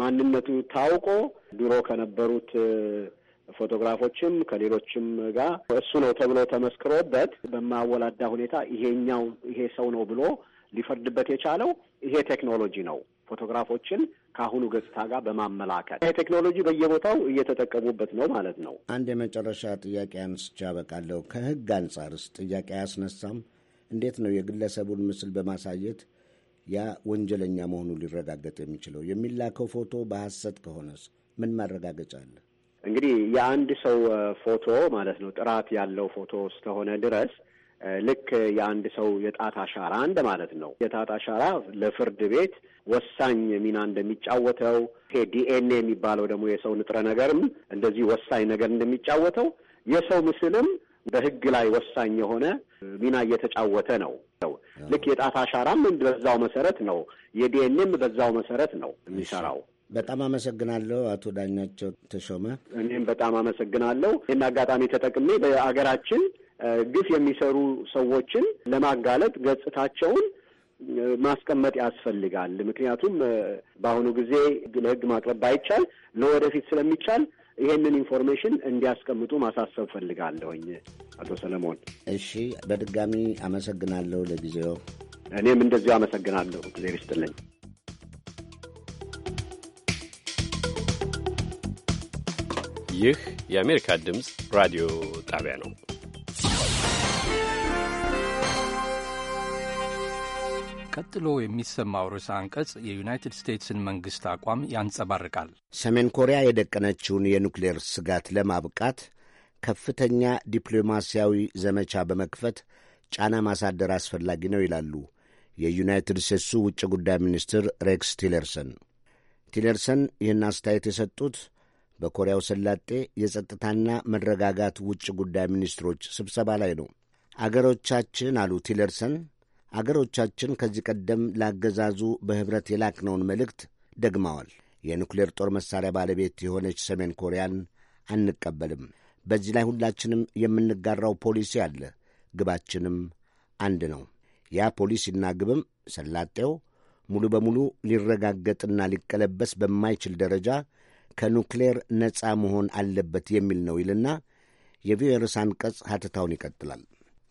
ማንነቱ ታውቆ ድሮ ከነበሩት ፎቶግራፎችም ከሌሎችም ጋር እሱ ነው ተብሎ ተመስክሮበት በማወላዳ ሁኔታ ይሄኛው ይሄ ሰው ነው ብሎ ሊፈርድበት የቻለው ይሄ ቴክኖሎጂ ነው። ፎቶግራፎችን ከአሁኑ ገጽታ ጋር በማመላከት ይሄ ቴክኖሎጂ በየቦታው እየተጠቀሙበት ነው ማለት ነው። አንድ የመጨረሻ ጥያቄ አንስቼ አበቃለሁ። ከህግ አንጻርስ ጥያቄ አያስነሳም? እንዴት ነው የግለሰቡን ምስል በማሳየት ያ ወንጀለኛ መሆኑ ሊረጋገጥ የሚችለው? የሚላከው ፎቶ በሐሰት ከሆነስ ምን ማረጋገጫ አለ? እንግዲህ የአንድ ሰው ፎቶ ማለት ነው ጥራት ያለው ፎቶ እስከሆነ ድረስ ልክ የአንድ ሰው የጣት አሻራ እንደ ማለት ነው። የጣት አሻራ ለፍርድ ቤት ወሳኝ ሚና እንደሚጫወተው ይሄ ዲኤንኤ የሚባለው ደግሞ የሰው ንጥረ ነገርም እንደዚህ ወሳኝ ነገር እንደሚጫወተው የሰው ምስልም በሕግ ላይ ወሳኝ የሆነ ሚና እየተጫወተ ነው። ልክ የጣት አሻራም በዛው መሰረት ነው፣ የዲኤንኤም በዛው መሰረት ነው የሚሰራው። በጣም አመሰግናለሁ አቶ ዳኛቸው ተሾመ። እኔም በጣም አመሰግናለሁ። ይህን አጋጣሚ ተጠቅሜ በሀገራችን ግፍ የሚሰሩ ሰዎችን ለማጋለጥ ገጽታቸውን ማስቀመጥ ያስፈልጋል። ምክንያቱም በአሁኑ ጊዜ ለሕግ ማቅረብ ባይቻል ለወደፊት ስለሚቻል ይህንን ኢንፎርሜሽን እንዲያስቀምጡ ማሳሰብ ፈልጋለሁኝ። አቶ ሰለሞን እሺ፣ በድጋሚ አመሰግናለሁ ለጊዜው። እኔም እንደዚሁ አመሰግናለሁ። እግዜር ይስጥልኝ። ይህ የአሜሪካ ድምፅ ራዲዮ ጣቢያ ነው። ቀጥሎ የሚሰማው ርዕሰ አንቀጽ የዩናይትድ ስቴትስን መንግሥት አቋም ያንጸባርቃል። ሰሜን ኮሪያ የደቀነችውን የኑክሌር ስጋት ለማብቃት ከፍተኛ ዲፕሎማሲያዊ ዘመቻ በመክፈት ጫና ማሳደር አስፈላጊ ነው ይላሉ የዩናይትድ ስቴትሱ ውጭ ጉዳይ ሚኒስትር ሬክስ ቲለርሰን። ቲለርሰን ይህን አስተያየት የሰጡት በኮሪያው ሰላጤ የጸጥታና መረጋጋት ውጭ ጉዳይ ሚኒስትሮች ስብሰባ ላይ ነው። አገሮቻችን አሉ ቲለርሰን፣ አገሮቻችን ከዚህ ቀደም ላገዛዙ በኅብረት የላክነውን መልእክት ደግመዋል። የኑክሌር ጦር መሣሪያ ባለቤት የሆነች ሰሜን ኮሪያን አንቀበልም። በዚህ ላይ ሁላችንም የምንጋራው ፖሊሲ አለ። ግባችንም አንድ ነው። ያ ፖሊሲና ግብም ሰላጤው ሙሉ በሙሉ ሊረጋገጥና ሊቀለበስ በማይችል ደረጃ ከኑክሌር ነጻ መሆን አለበት የሚል ነው ይልና የቪኦኤ አንቀጽ ሀተታውን ይቀጥላል።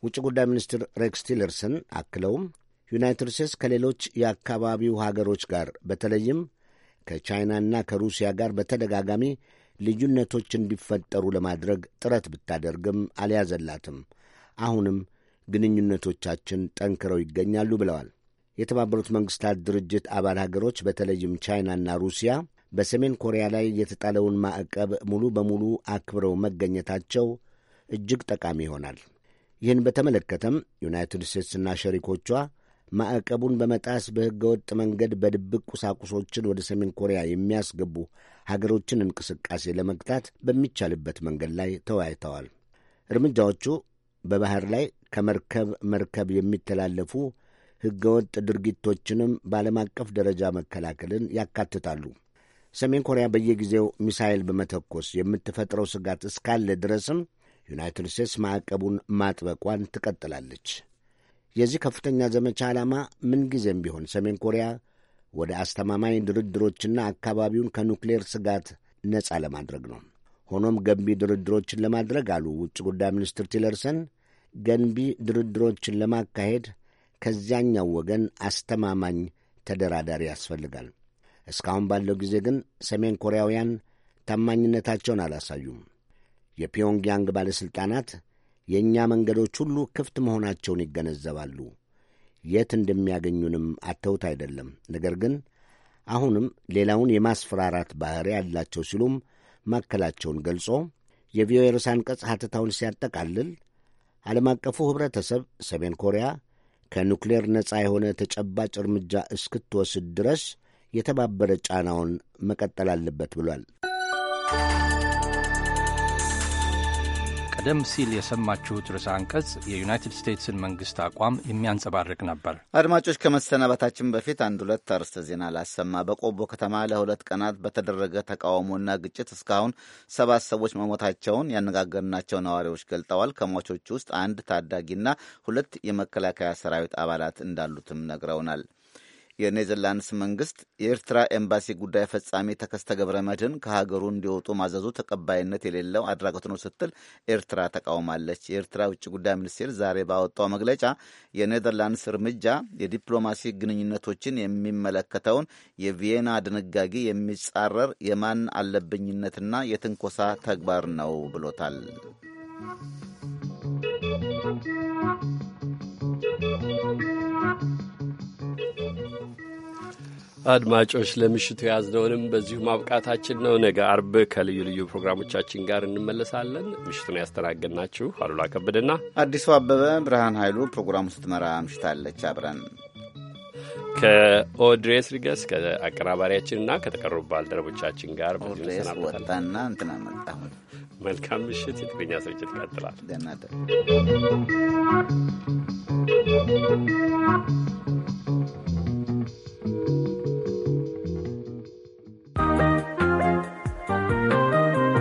ውጭ ጉዳይ ሚኒስትር ሬክስ ቲለርሰን አክለውም ዩናይትድ ስቴትስ ከሌሎች የአካባቢው ሀገሮች ጋር በተለይም ከቻይናና ከሩሲያ ጋር በተደጋጋሚ ልዩነቶች እንዲፈጠሩ ለማድረግ ጥረት ብታደርግም አልያዘላትም። አሁንም ግንኙነቶቻችን ጠንክረው ይገኛሉ ብለዋል። የተባበሩት መንግስታት ድርጅት አባል ሀገሮች በተለይም ቻይናና ሩሲያ በሰሜን ኮሪያ ላይ የተጣለውን ማዕቀብ ሙሉ በሙሉ አክብረው መገኘታቸው እጅግ ጠቃሚ ይሆናል። ይህን በተመለከተም ዩናይትድ ስቴትስና ሸሪኮቿ ማዕቀቡን በመጣስ በሕገወጥ መንገድ በድብቅ ቁሳቁሶችን ወደ ሰሜን ኮሪያ የሚያስገቡ ሀገሮችን እንቅስቃሴ ለመግታት በሚቻልበት መንገድ ላይ ተወያይተዋል። እርምጃዎቹ በባህር ላይ ከመርከብ መርከብ የሚተላለፉ ሕገወጥ ድርጊቶችንም በዓለም አቀፍ ደረጃ መከላከልን ያካትታሉ። ሰሜን ኮሪያ በየጊዜው ሚሳይል በመተኮስ የምትፈጥረው ስጋት እስካለ ድረስም ዩናይትድ ስቴትስ ማዕቀቡን ማጥበቋን ትቀጥላለች። የዚህ ከፍተኛ ዘመቻ ዓላማ ምንጊዜም ቢሆን ሰሜን ኮሪያ ወደ አስተማማኝ ድርድሮችና አካባቢውን ከኑክሌር ስጋት ነጻ ለማድረግ ነው። ሆኖም ገንቢ ድርድሮችን ለማድረግ አሉ ውጭ ጉዳይ ሚኒስትር ቲለርሰን፣ ገንቢ ድርድሮችን ለማካሄድ ከዚያኛው ወገን አስተማማኝ ተደራዳሪ ያስፈልጋል። እስካሁን ባለው ጊዜ ግን ሰሜን ኮሪያውያን ታማኝነታቸውን አላሳዩም። የፒዮንግያንግ ባለሥልጣናት የእኛ መንገዶች ሁሉ ክፍት መሆናቸውን ይገነዘባሉ። የት እንደሚያገኙንም አተውት አይደለም። ነገር ግን አሁንም ሌላውን የማስፈራራት ባሕሪ ያላቸው ሲሉም ማከላቸውን ገልጾ የቪኦኤ ርዕሰ አንቀጽ ሐተታውን ሲያጠቃልል ዓለም አቀፉ ኅብረተሰብ ሰሜን ኮሪያ ከኑክሌር ነፃ የሆነ ተጨባጭ እርምጃ እስክትወስድ ድረስ የተባበረ ጫናውን መቀጠል አለበት ብሏል። ቀደም ሲል የሰማችሁት ርዕሰ አንቀጽ የዩናይትድ ስቴትስን መንግስት አቋም የሚያንጸባርቅ ነበር። አድማጮች፣ ከመሰናበታችን በፊት አንድ ሁለት አርዕስተ ዜና ላሰማ። በቆቦ ከተማ ለሁለት ቀናት በተደረገ ተቃውሞና ግጭት እስካሁን ሰባት ሰዎች መሞታቸውን ያነጋገርናቸው ነዋሪዎች ገልጠዋል። ከሟቾቹ ውስጥ አንድ ታዳጊና ሁለት የመከላከያ ሰራዊት አባላት እንዳሉትም ነግረውናል። የኔዘርላንድስ መንግስት የኤርትራ ኤምባሲ ጉዳይ ፈጻሚ ተከስተ ገብረ መድህን ከሀገሩ እንዲወጡ ማዘዙ ተቀባይነት የሌለው አድራጎት ነው ስትል ኤርትራ ተቃውማለች። የኤርትራ ውጭ ጉዳይ ሚኒስቴር ዛሬ ባወጣው መግለጫ የኔዘርላንድስ እርምጃ የዲፕሎማሲ ግንኙነቶችን የሚመለከተውን የቪየና ድንጋጌ የሚጻረር የማን አለብኝነትና የትንኮሳ ተግባር ነው ብሎታል። አድማጮች ለምሽቱ የያዝነውንም በዚሁ ማብቃታችን ነው። ነገ አርብ ከልዩ ልዩ ፕሮግራሞቻችን ጋር እንመለሳለን። ምሽቱን ያስተናገድናችሁ አሉላ ከበደና አዲሱ አበበ፣ ብርሃን ኃይሉ ፕሮግራሙ ስትመራ አምሽታለች። አብረን ከኦድሬስ ሪገስ ከአቀናባሪያችንና ከተቀሩ ባልደረቦቻችን ጋር ወጣና እንትና መጣ። መልካም ምሽት። የትግርኛ ስርጭት ይቀጥላል። ደህና እደሩ።